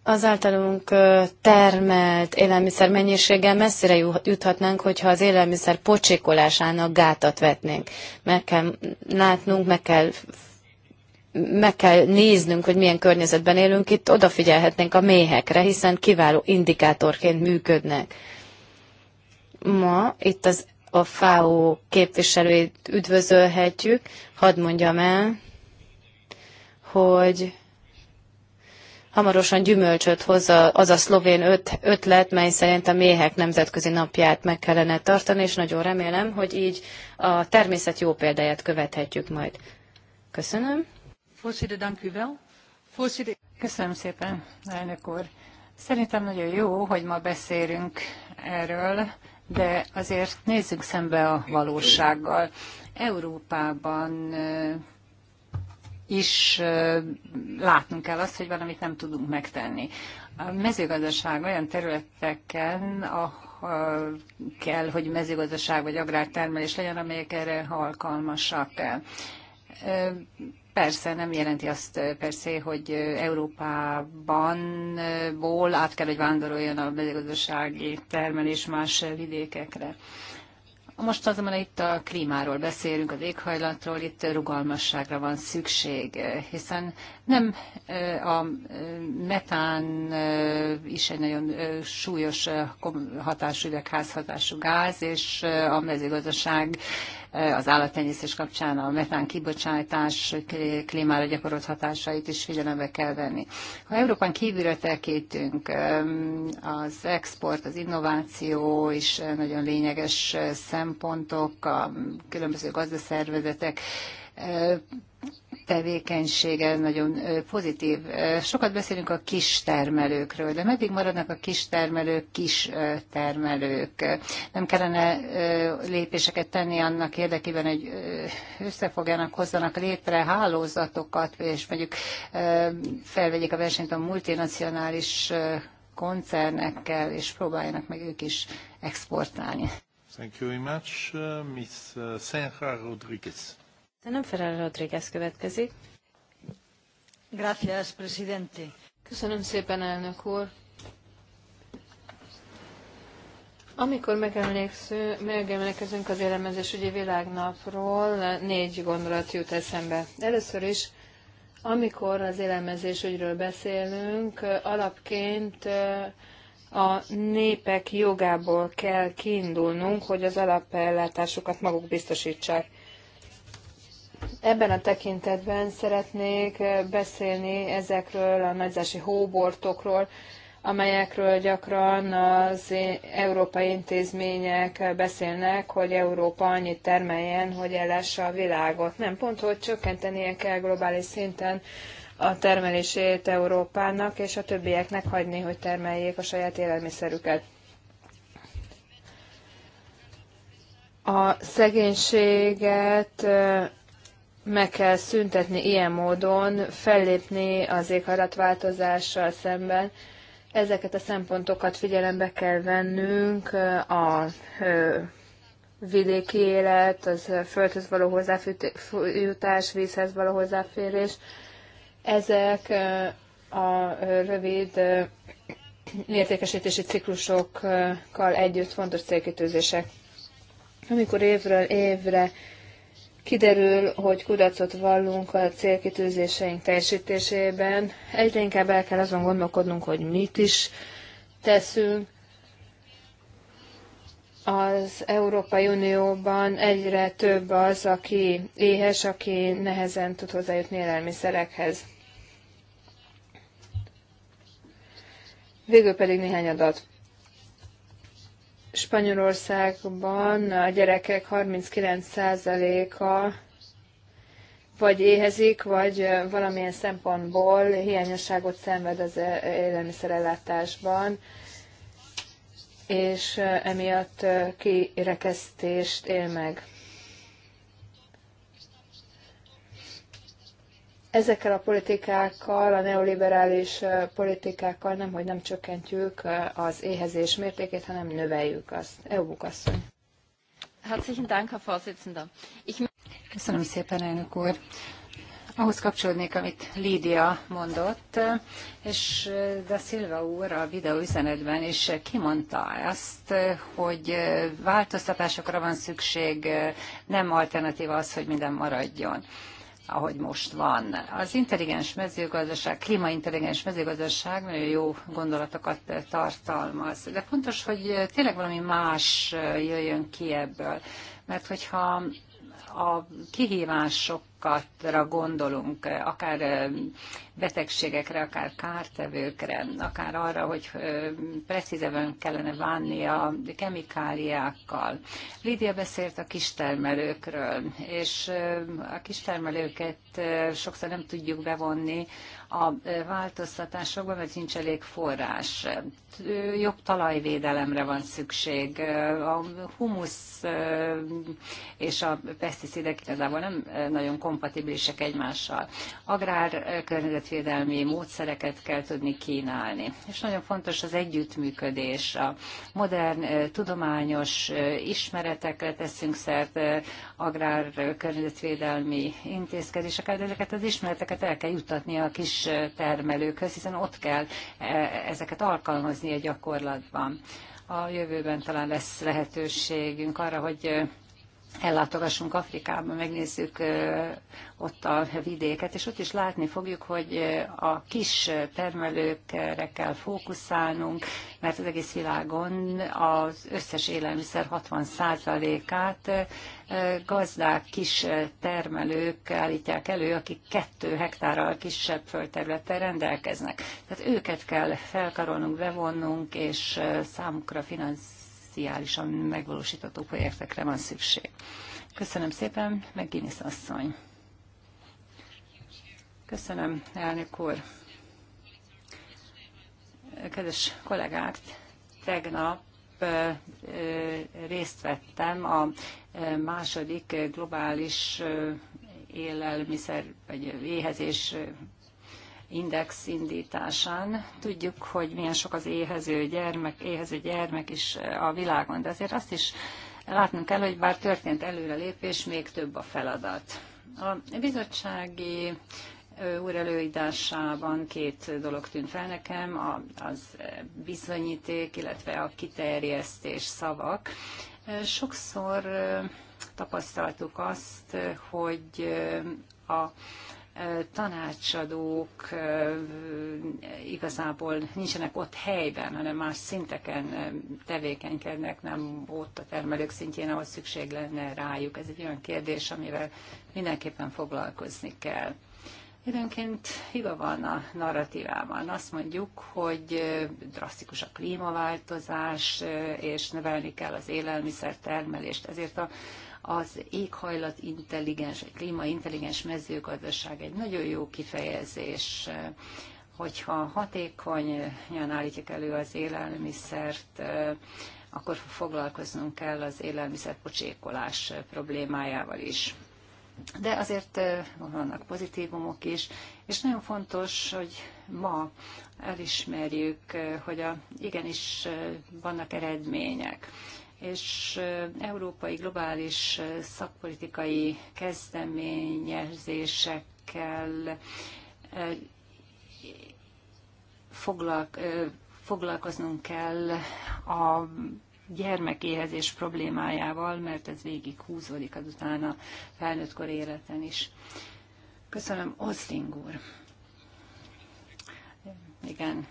Az általunk termelt élelmiszer mennyiséggel messzire juthatnánk, hogyha az élelmiszer pocsékolásának gátat vetnénk. Meg kell látnunk, meg kell meg kell néznünk, hogy milyen környezetben élünk, itt odafigyelhetnénk a méhekre, hiszen kiváló indikátorként működnek. Ma itt az, a FAO képviselőit üdvözölhetjük. Hadd mondjam el, hogy hamarosan gyümölcsöt hoz az a szlovén öt, ötlet, mely szerint a méhek nemzetközi napját meg kellene tartani, és nagyon remélem, hogy így a természet jó példáját követhetjük majd. Köszönöm. Voorzitter, dank u wel. Voorzitter... Köszönöm szépen, elnök úr. Szerintem nagyon jó, hogy ma beszélünk erről, de azért nézzük szembe a valósággal. Európában is látnunk kell azt, hogy valamit nem tudunk megtenni. A mezőgazdaság olyan területeken, a ah, kell, hogy mezőgazdaság vagy agrártermelés legyen, amelyek erre alkalmasak persze nem jelenti azt eh, persze, hogy eh, Európában eh, ból át kell, hogy vándoroljon a mezőgazdasági termelés más vidékekre. Most azonban itt a klímáról beszélünk, az éghajlatról, itt rugalmasságra van szükség, hiszen nem a metán is egy nagyon súlyos hatású üvegházhatású gáz, és a mezőgazdaság az állattenyésztés kapcsán a metán kibocsátás klímára gyakorolt hatásait is figyelembe kell venni. Ha Európán kívülre tekintünk, az export, az innováció is nagyon lényeges szempontok, a különböző gazdaszervezetek tevékenysége nagyon pozitív. Sokat beszélünk a kis termelőkről, de meddig maradnak a kis termelők kis termelők? Nem kellene lépéseket tenni annak érdekében, hogy összefogjanak, hozzanak létre hálózatokat, és mondjuk felvegyék a versenyt a multinacionális koncernekkel, és próbáljanak meg ők is exportálni. Thank you very much, uh, Miss uh, Senra Rodriguez. Köszönöm, Ferrara Rodríguez következik. Gracias, presidente. Köszönöm szépen, elnök úr. Amikor megemlékezünk az élelmezésügyi világnapról, négy gondolat jut eszembe. Először is, amikor az élelmezésügyről beszélünk, alapként a népek jogából kell kiindulnunk, hogy az alapellátásukat maguk biztosítsák. Ebben a tekintetben szeretnék beszélni ezekről a nagyzási hóbortokról, amelyekről gyakran az európai intézmények beszélnek, hogy Európa annyit termeljen, hogy ellássa a világot. Nem pont, hogy csökkentenie kell globális szinten a termelését Európának, és a többieknek hagyni, hogy termeljék a saját élelmiszerüket. A szegénységet meg kell szüntetni ilyen módon, fellépni az éghajlatváltozással szemben. Ezeket a szempontokat figyelembe kell vennünk, a vidéki élet, az földhöz való hozzájutás, vízhez való hozzáférés. Ezek a rövid értékesítési ciklusokkal együtt fontos célkitűzések. Amikor évről évre Kiderül, hogy kudarcot vallunk a célkitűzéseink teljesítésében. Egyre inkább el kell azon gondolkodnunk, hogy mit is teszünk. Az Európai Unióban egyre több az, aki éhes, aki nehezen tud hozzájutni élelmiszerekhez. Végül pedig néhány adat. Spanyolországban a gyerekek 39%-a vagy éhezik, vagy valamilyen szempontból hiányosságot szenved az e-, élelmiszerellátásban, és emiatt kirekesztést él meg. Ezekkel a politikákkal, a neoliberális politikákkal nem, hogy nem csökkentjük az éhezés mértékét, hanem növeljük azt. EU asszony. Herzlichen Dank, Herr Vorsitzender. Köszönöm szépen, elnök úr. Ahhoz kapcsolódnék, amit Lídia mondott, és de Silva úr a videóüzenetben is kimondta azt, hogy változtatásokra van szükség, nem alternatíva az, hogy minden maradjon ahogy most van. Az intelligens mezőgazdaság, klímaintelligens mezőgazdaság nagyon jó gondolatokat tartalmaz, de fontos, hogy tényleg valami más jöjjön ki ebből. Mert hogyha a kihívások károkatra gondolunk, akár betegségekre, akár kártevőkre, akár arra, hogy precízebben kellene bánni a kemikáliákkal. Lídia beszélt a kistermelőkről, és a kistermelőket sokszor nem tudjuk bevonni a változtatásokban, mert nincs elég forrás. Jobb talajvédelemre van szükség. A humusz és a peszticidek igazából nem nagyon kompatibilisek egymással. Agrár környezetvédelmi módszereket kell tudni kínálni. És nagyon fontos az együttműködés. A modern tudományos ismeretekre teszünk szert agrár környezetvédelmi intézkedéseket, ezeket az ismereteket el kell juttatni a kis termelőkhöz, hiszen ott kell e, ezeket alkalmazni a gyakorlatban. A jövőben talán lesz lehetőségünk arra, hogy ellátogassunk Afrikába, megnézzük ott a vidéket, és ott is látni fogjuk, hogy a kis termelőkre kell fókuszálnunk, mert az egész világon az összes élelmiszer 60%-át gazdák, kis termelők állítják elő, akik kettő hektárral kisebb földterülettel rendelkeznek. Tehát őket kell felkarolnunk, bevonnunk, és számukra finansz potenciálisan megvalósítható projektekre van szükség. Köszönöm szépen, meg Guinness asszony. Köszönöm, elnök úr. Kedves kollégák, tegnap részt vettem a második globális élelmiszer vagy éhezés index indításán. Tudjuk, hogy milyen sok az éhező gyermek, éhező gyermek is eh, a világon, de azért azt is látnunk kell, hogy bár történt előrelépés, még több a feladat. A bizottsági eh, úr előidásában két dolog tűnt fel nekem, az eh, bizonyíték, illetve a kiterjesztés szavak. Sokszor tapasztaltuk azt, hogy a tanácsadók igazából nincsenek ott helyben, hanem más szinteken tevékenykednek, nem ott a termelők szintjén, ahol szükség lenne rájuk. Ez egy olyan kérdés, amivel mindenképpen foglalkozni kell. Időnként hiba van a narratívában. Azt mondjuk, hogy drasztikus a klímaváltozás, és növelni kell az élelmiszer termelést. Ezért a az éghajlat intelligens, egy klíma intelligens mezőgazdaság egy nagyon jó kifejezés, hogyha hatékonyan állítjuk elő az élelmiszert, akkor foglalkoznunk kell az élelmiszerpocsékolás problémájával is. De azért vannak pozitívumok is, és nagyon fontos, hogy ma elismerjük, hogy a, igenis vannak eredmények és európai globális szakpolitikai kezdeményezésekkel foglalkoznunk kell a gyermekéhezés problémájával, mert ez végig húzódik azután a felnőttkor életen is. Köszönöm, Oszling úr. Igen,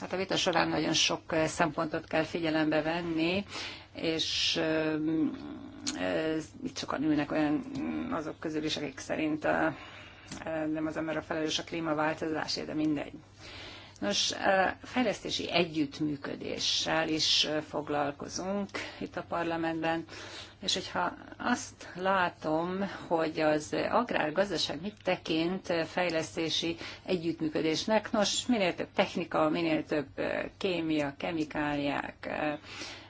hát a vita során nagyon sok szempontot kell figyelembe venni és itt sokan ülnek olyan azok közül is, akik szerint a, nem az ember a felelős a klímaváltozásért, de mindegy. Nos, fejlesztési együttműködéssel is foglalkozunk itt a parlamentben, és hogyha azt látom, hogy az agrárgazdaság mit tekint fejlesztési együttműködésnek, nos, minél több technika, minél több kémia, kemikáliák,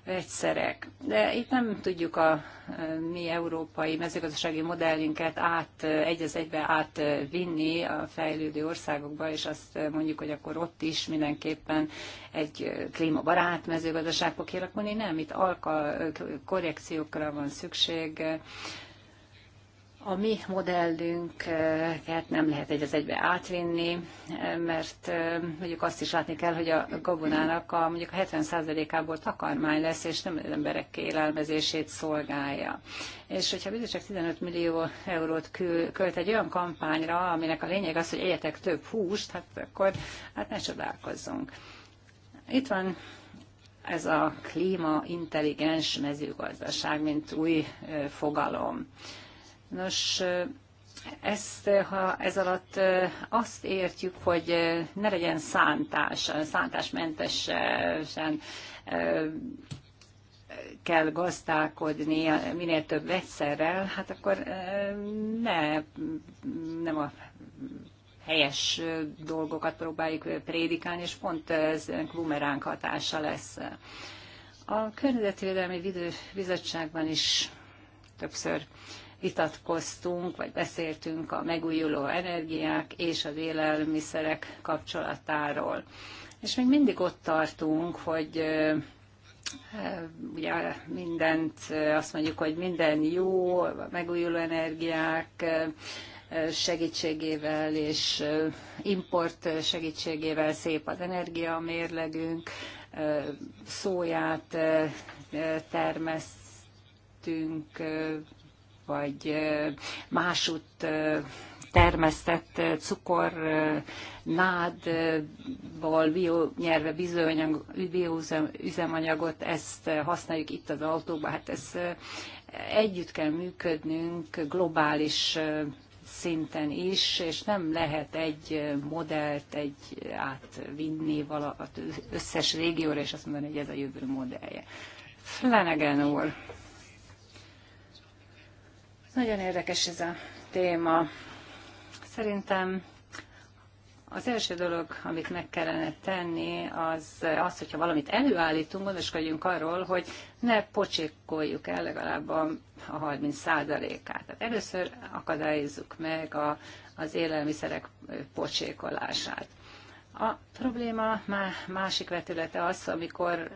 vegyszerek. De itt nem tudjuk a eh, mi európai mezőgazdasági modellünket át, eh, egy az egybe átvinni a fejlődő országokba, és azt eh, mondjuk, hogy akkor ott is mindenképpen egy klímabarát mezőgazdaságba kialakulni. Nem, itt alka korrekciókra van szükség, a mi modellünket nem lehet egy az egybe átvinni, mert mondjuk azt is látni kell, hogy a gabonának a, mondjuk a 70%-ából takarmány lesz, és nem az emberek élelmezését szolgálja. És hogyha a csak 15 millió eurót kül, költ egy olyan kampányra, aminek a lényeg az, hogy egyetek több húst, hát akkor hát ne csodálkozzunk. Itt van ez a intelligens mezőgazdaság, mint új fogalom. Nos, ezt, ha ez alatt azt értjük, hogy ne legyen szántás, szántásmentesen kell gazdálkodni minél több vegyszerrel, hát akkor ne, nem a helyes dolgokat próbáljuk prédikálni, és pont ez glumeránk hatása lesz. A Környezetvédelmi Bizottságban is többször vitatkoztunk, vagy beszéltünk a megújuló energiák és az élelmiszerek kapcsolatáról. És még mindig ott tartunk, hogy ugye mindent, azt mondjuk, hogy minden jó, megújuló energiák segítségével és import segítségével szép az energia mérlegünk, szóját termesztünk, vagy másút termesztett cukor nádból bionyerve bizonyag, üzemanyagot ezt használjuk itt az autóban. Hát ez együtt kell működnünk globális szinten is, és nem lehet egy modellt egy átvinni vala, az összes régióra, és azt mondani, hogy ez a jövő modellje. Flanagan úr. Nagyon érdekes ez a téma. Szerintem az első dolog, amit meg kellene tenni, az az, hogyha valamit előállítunk, gondoskodjunk arról, hogy ne pocsékoljuk el legalább a, 30 százalékát. Tehát először akadályozzuk meg a, az élelmiszerek pocsékolását. A probléma már másik vetülete az, amikor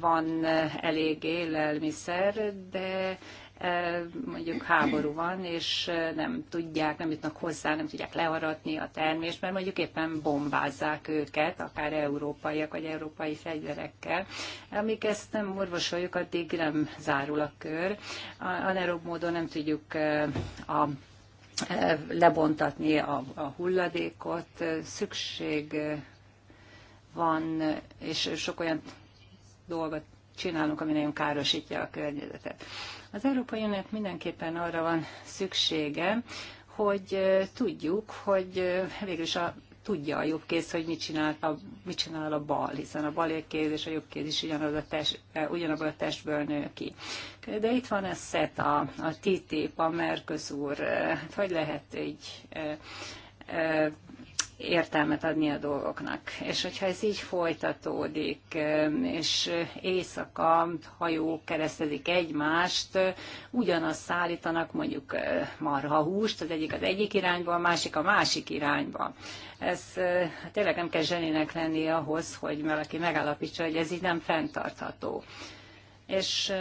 van elég élelmiszer, de mondjuk háború van, és nem tudják, nem jutnak hozzá, nem tudják learatni a termést, mert mondjuk éppen bombázzák őket, akár európaiak vagy európai fegyverekkel. Amíg ezt nem orvosoljuk, addig nem zárul a kör. Anaerob módon nem tudjuk a lebontatni a, a hulladékot. Szükség van, és sok olyan dolgot csinálunk, ami nagyon károsítja a környezetet. Az Európai Uniónak mindenképpen arra van szüksége, hogy tudjuk, hogy végül is a tudja a jobb kéz, hogy mit csinál a, mit csinál a bal, hiszen a bal kéz és a jobb kéz is ugyanaz a test, ugyanabban a testből nő ki. De itt van a SETA, a TTIP, a Mercosur, hát hogy lehet így értelmet adni a dolgoknak. És hogyha ez így folytatódik, és éjszaka hajók keresztezik egymást, ugyanazt szállítanak mondjuk marha húst, az egyik az egyik irányba, a másik a másik irányba. Ez hát tényleg nem kell zseninek lenni ahhoz, hogy valaki megállapítsa, hogy ez így nem fenntartható. És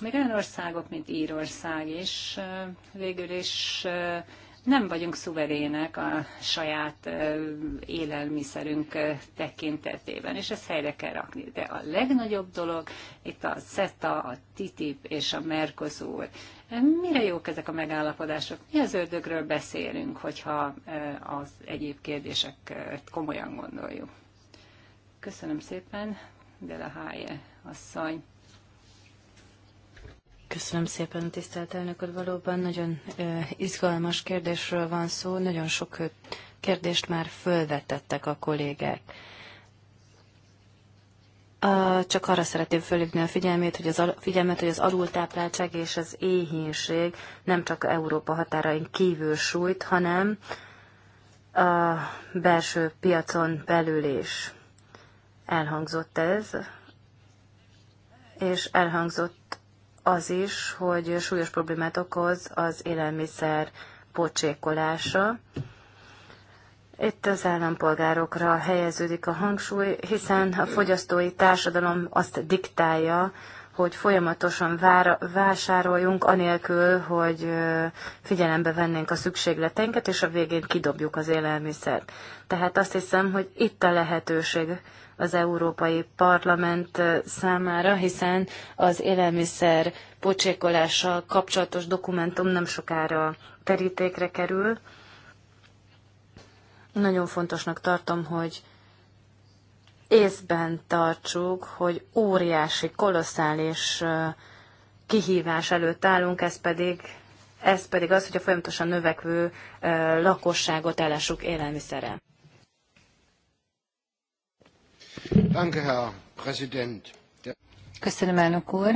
még olyan országok, mint Írország is végül is nem vagyunk szuverének a saját élelmiszerünk tekintetében, és ezt helyre kell rakni. De a legnagyobb dolog itt a CETA, a TTIP és a Mercosur. Mire jók ezek a megállapodások? Mi az ördögről beszélünk, hogyha az egyéb kérdéseket komolyan gondoljuk? Köszönöm szépen, Dela Háje asszony. Köszönöm szépen, tisztelt elnök úr. Valóban nagyon izgalmas kérdésről van szó. Nagyon sok kérdést már fölvetettek a kollégák. Csak arra szeretném fölhívni a figyelmét, hogy az, figyelmet, hogy az alultápláltság és az éhínség nem csak Európa határain kívül sújt, hanem a belső piacon belül is elhangzott ez, és elhangzott az is, hogy súlyos problémát okoz az élelmiszer pocsékolása. Itt az állampolgárokra helyeződik a hangsúly, hiszen a fogyasztói társadalom azt diktálja, hogy folyamatosan vára, vásároljunk, anélkül, hogy figyelembe vennénk a szükségleteinket, és a végén kidobjuk az élelmiszert. Tehát azt hiszem, hogy itt a lehetőség az Európai Parlament számára, hiszen az élelmiszer pocsékolással kapcsolatos dokumentum nem sokára terítékre kerül. Nagyon fontosnak tartom, hogy észben tartsuk, hogy óriási, kolosszális kihívás előtt állunk, ez pedig ez pedig az, hogy a folyamatosan növekvő lakosságot elássuk élelmiszerrel. Köszönöm, elnök úr.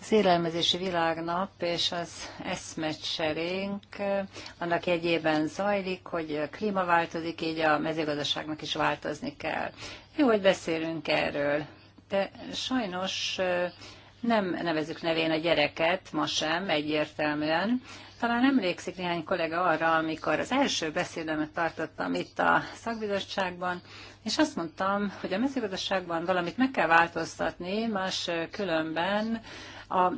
Az élelmezési világnap és az eszmecserénk eh, annak jegyében zajlik, hogy a klíma változik, így a mezőgazdaságnak is változni kell. Jó, hogy beszélünk erről, de sajnos eh, nem nevezük nevén a gyereket, ma sem egyértelműen, talán emlékszik néhány kollega arra, amikor az első beszédemet tartottam itt a szakbizottságban, és azt mondtam, hogy a mezőgazdaságban valamit meg kell változtatni, más különben a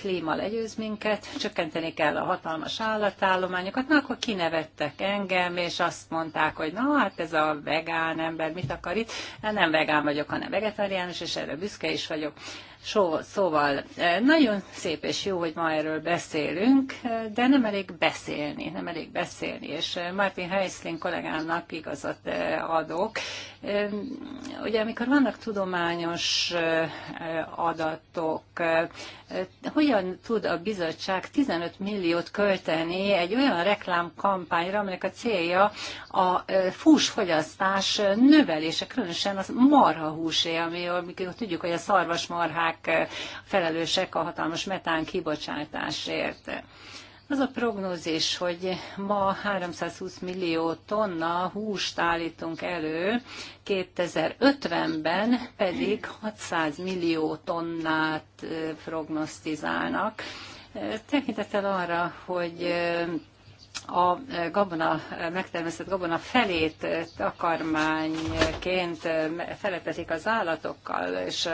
klíma legyőz minket, csökkenteni kell a hatalmas állatállományokat, na akkor kinevettek engem, és azt mondták, hogy na hát ez a vegán ember mit akar itt, hát nem vegán vagyok, hanem vegetáriánus, és erre büszke is vagyok. So, szóval eh, nagyon szép és jó, hogy ma erről beszélünk, eh, de nem elég beszélni, nem elég beszélni, és eh, Martin Heisling kollégának igazat adok. Ugye amikor vannak tudományos adatok, hogyan tud a bizottság 15 milliót költeni egy olyan reklámkampányra, aminek a célja a húsfogyasztás növelése, különösen az marhahúsé, ami, amikor tudjuk, hogy a szarvasmarhák felelősek a hatalmas metán kibocsátásért. Az a prognózis, hogy ma 320 millió tonna húst állítunk elő, 2050-ben pedig 600 millió tonnát prognosztizálnak. Tekintettel arra, hogy a gabona, megtermesztett gabona felét takarmányként feletetik az állatokkal, és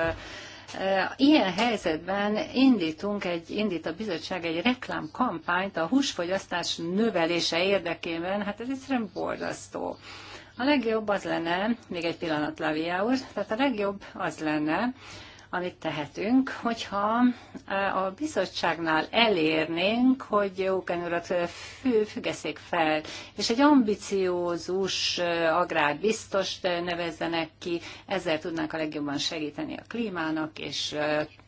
Ilyen helyzetben indítunk egy, indít a bizottság egy reklámkampányt a húsfogyasztás növelése érdekében, hát ez egyszerűen borzasztó. A legjobb az lenne, még egy pillanat Lavia úr, tehát a legjobb az lenne, amit tehetünk, hogyha a bizottságnál elérnénk, hogy Jóken urat függeszék fel, és egy ambiciózus agrárbiztost nevezzenek ki, ezzel tudnánk a legjobban segíteni a klímának, és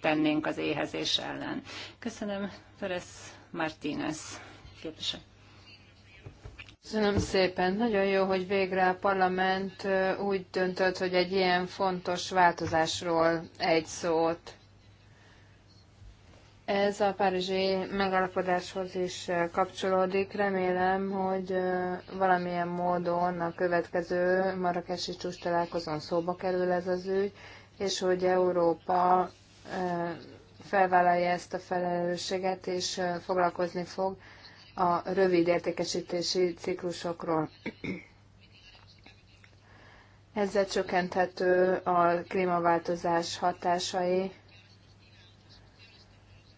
tennénk az éhezés ellen. Köszönöm, Torres Martínez képviselő. Köszönöm szépen. Nagyon jó, hogy végre a parlament úgy döntött, hogy egy ilyen fontos változásról egy szót. Ez a párizsi megállapodáshoz is kapcsolódik. Remélem, hogy valamilyen módon a következő marakesi csúcs találkozón szóba kerül ez az ügy, és hogy Európa felvállalja ezt a felelősséget, és foglalkozni fog a rövid értékesítési ciklusokról. Ezzel csökkenthető a klímaváltozás hatásai.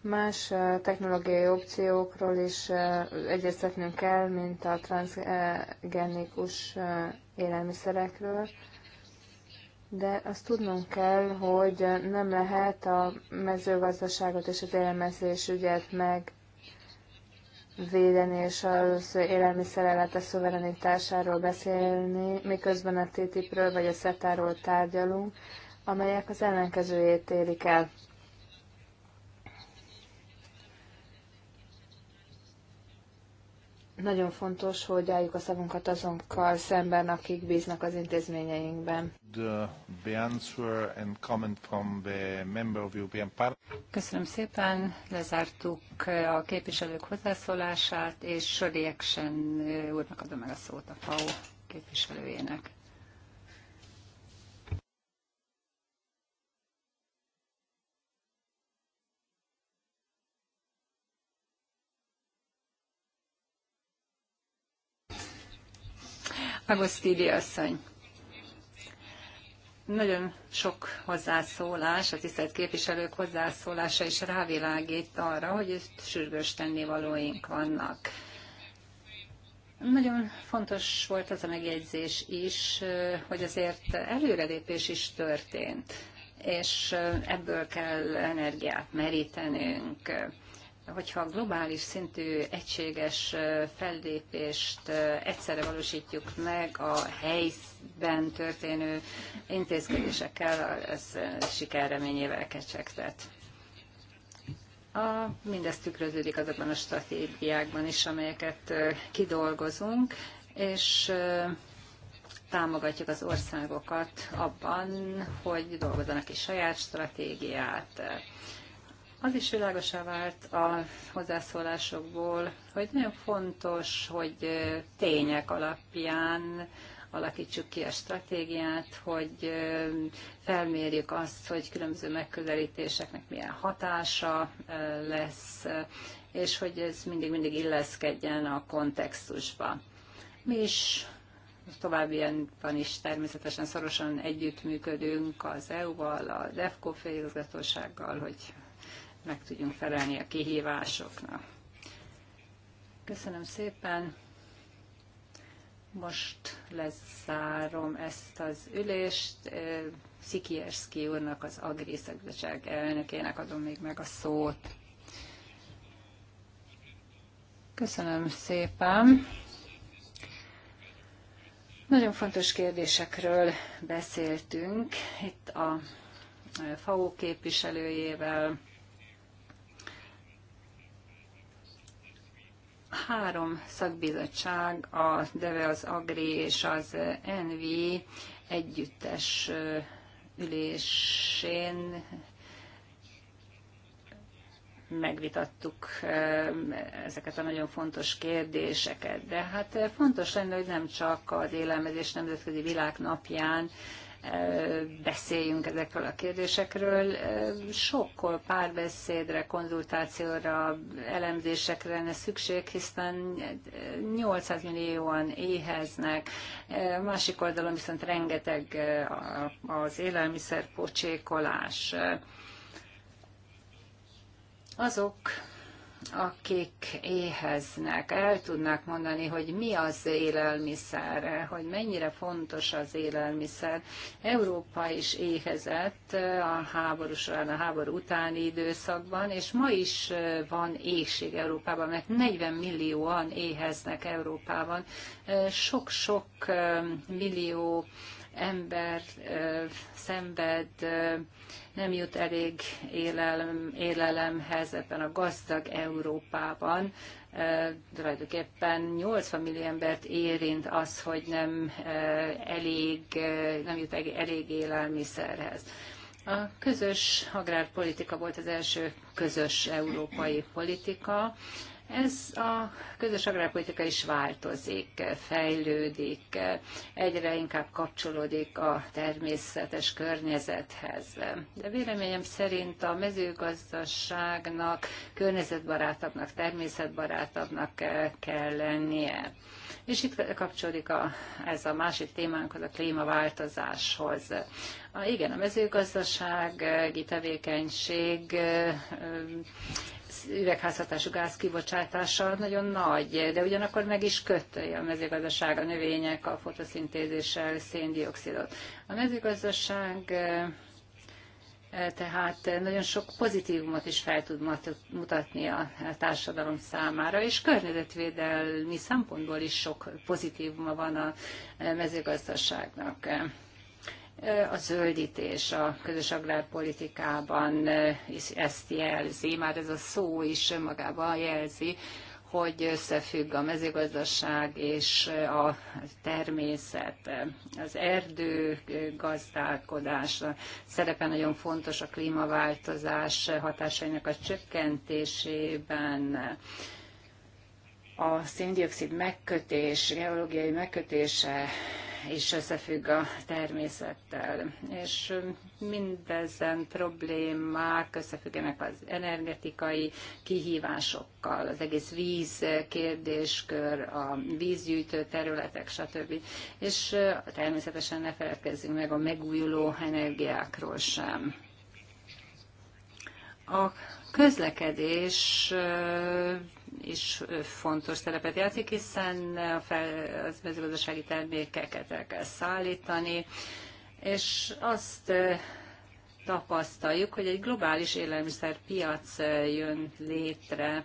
Más technológiai opciókról is egyeztetnünk kell, mint a transgenikus élelmiszerekről, de azt tudnunk kell, hogy nem lehet a mezőgazdaságot és az élelmezés ügyet meg védeni és az élelmiszerellátás szuverenitásáról beszélni, miközben a TTIP-ről vagy a SETA-ról tárgyalunk, amelyek az ellenkezőjét érik el. Nagyon fontos, hogy álljuk a szavunkat azonkkal szemben, akik bíznak az intézményeinkben. Köszönöm szépen, lezártuk a képviselők hozzászólását, és Shirley Action eh, úrnak adom meg a szót a FAO képviselőjének. Agosztídi asszony. Nagyon sok hozzászólás, a tisztelt képviselők hozzászólása is rávilágít arra, hogy sürgős tennivalóink vannak. Nagyon fontos volt az a megjegyzés is, hogy azért előrelépés is történt, és ebből kell energiát merítenünk hogyha globális szintű egységes fellépést egyszerre valósítjuk meg a helyben történő intézkedésekkel, ez sikerreményével kecsegtet. A, mindez tükröződik azokban a stratégiákban is, amelyeket kidolgozunk, és támogatjuk az országokat abban, hogy dolgozzanak ki saját stratégiát. Az is világosá vált a hozzászólásokból, hogy nagyon fontos, hogy tények alapján alakítsuk ki a stratégiát, hogy felmérjük azt, hogy különböző megközelítéseknek milyen hatása lesz, és hogy ez mindig-mindig illeszkedjen a kontextusba. Mi is további van is természetesen szorosan együttműködünk az EU-val, a DEFCO főigazgatósággal, hogy meg tudjunk felelni a kihívásoknak. Köszönöm szépen! Most lezárom ezt az ülést. Szikierszki úrnak, az agrészegzettség elnökének adom még meg a szót. Köszönöm szépen! Nagyon fontos kérdésekről beszéltünk itt a FAO képviselőjével, három szakbizottság, a DEVE, az AGRI és az ENVI együttes ülésén megvitattuk ezeket a nagyon fontos kérdéseket. De hát fontos lenne, hogy nem csak az élelmezés nemzetközi világnapján beszéljünk ezekről a kérdésekről. Sokkal párbeszédre, konzultációra, elemzésekre lenne szükség, hiszen 800 millióan éheznek, másik oldalon viszont rengeteg az élelmiszer pocsékolás. Azok, akik éheznek, el tudnak mondani, hogy mi az élelmiszer, hogy mennyire fontos az élelmiszer. Európa is éhezett a háború során, a háború utáni időszakban, és ma is van éhség Európában, mert 40 millióan éheznek Európában. Sok-sok um, millió ember szenved, nem jut elég élelem, élelemhez ebben a gazdag Európában. Tulajdonképpen 80 millió embert érint az, hogy nem, elég, nem jut elég élelmiszerhez. A közös agrárpolitika volt az első közös európai politika, ez a közös agrárpolitika is változik, fejlődik, egyre inkább kapcsolódik a természetes környezethez. De véleményem szerint a mezőgazdaságnak környezetbarátabbnak, természetbarátabbnak kell lennie. És itt kapcsolódik a, ez a másik témánkhoz, a klímaváltozáshoz. A, igen, a mezőgazdasági tevékenység üvegházhatású gáz kibocsátása nagyon nagy, de ugyanakkor meg is köti a mezőgazdaság, a növények, a fotoszintézéssel széndiokszidot. A mezőgazdaság eh, tehát nagyon sok pozitívumot is fel tud mutatni a társadalom számára, és környezetvédelmi szempontból is sok pozitívuma van a eh, mezőgazdaságnak. A zöldítés a közös agrárpolitikában ezt jelzi, már ez a szó is magában jelzi, hogy összefügg a mezőgazdaság és a természet, az erdő gazdálkodás szerepe nagyon fontos a klímaváltozás hatásainak a csökkentésében. A széndiokszid megkötés, geológiai megkötése is összefügg a természettel, és mindezen problémák összefüggenek az energetikai kihívásokkal, az egész víz kérdéskör, a vízgyűjtő területek, stb. És természetesen ne feledkezzünk meg a megújuló energiákról sem. A közlekedés is fontos szerepet játszik, hiszen a fel, az mezőgazdasági termékeket el kell szállítani, és azt tapasztaljuk, hogy egy globális élelmiszerpiac jön létre,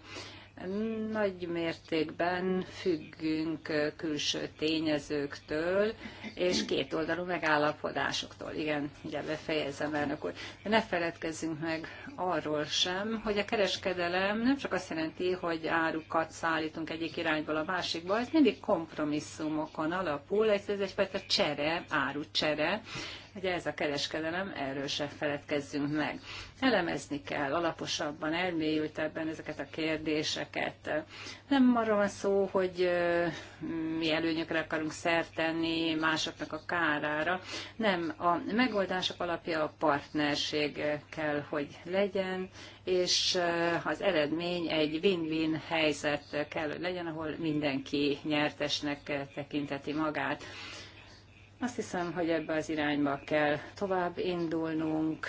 nagy mértékben függünk külső tényezőktől és kétoldalú megállapodásoktól. Igen, ugye befejezem, elnök úr. De ne feledkezzünk meg arról sem, hogy a kereskedelem nem csak azt jelenti, hogy árukat szállítunk egyik irányból a másikba, ez mindig kompromisszumokon alapul, ez, ez egyfajta csere, árucsere, Ugye ez a kereskedelem, erről se feledkezzünk meg. Elemezni kell alaposabban, elmélyültebben ezeket a kérdéseket. Nem arról van szó, hogy mi előnyökre akarunk szert tenni másoknak a kárára. Nem, a megoldások alapja a partnerség kell, hogy legyen, és az eredmény egy win-win helyzet kell, hogy legyen, ahol mindenki nyertesnek tekinteti magát. Azt hiszem, hogy ebbe az irányba kell tovább indulnunk,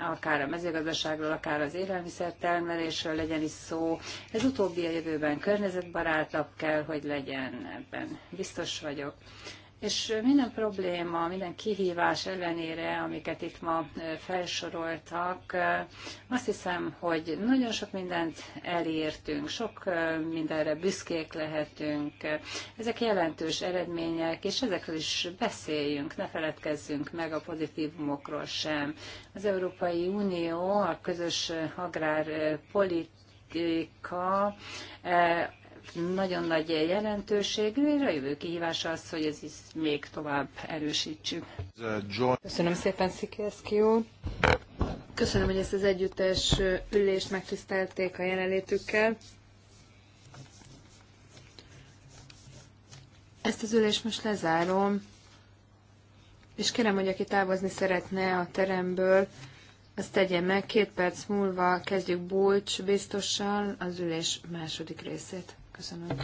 akár a mezőgazdaságról, akár az élelmiszertermelésről legyen is szó. Ez utóbbi a jövőben környezetbarátabb kell, hogy legyen, ebben biztos vagyok. És minden probléma, minden kihívás ellenére, amiket itt ma felsoroltak, azt hiszem, hogy nagyon sok mindent elértünk, sok mindenre büszkék lehetünk. Ezek jelentős eredmények, és ezekről is beszéljünk, ne feledkezzünk meg a pozitívumokról sem. Az Európai Unió a közös agrárpolitika nagyon nagy jelentőségű, és a jövő kihívás az, hogy ez is még tovább erősítsük. Köszönöm szépen, Szikerszki úr. Köszönöm, hogy ezt az együttes ülést megtisztelték a jelenlétükkel. Ezt az ülést most lezárom, és kérem, hogy aki távozni szeretne a teremből, azt tegye meg, két perc múlva kezdjük Bulcs biztossal az ülés második részét. Köszönöm.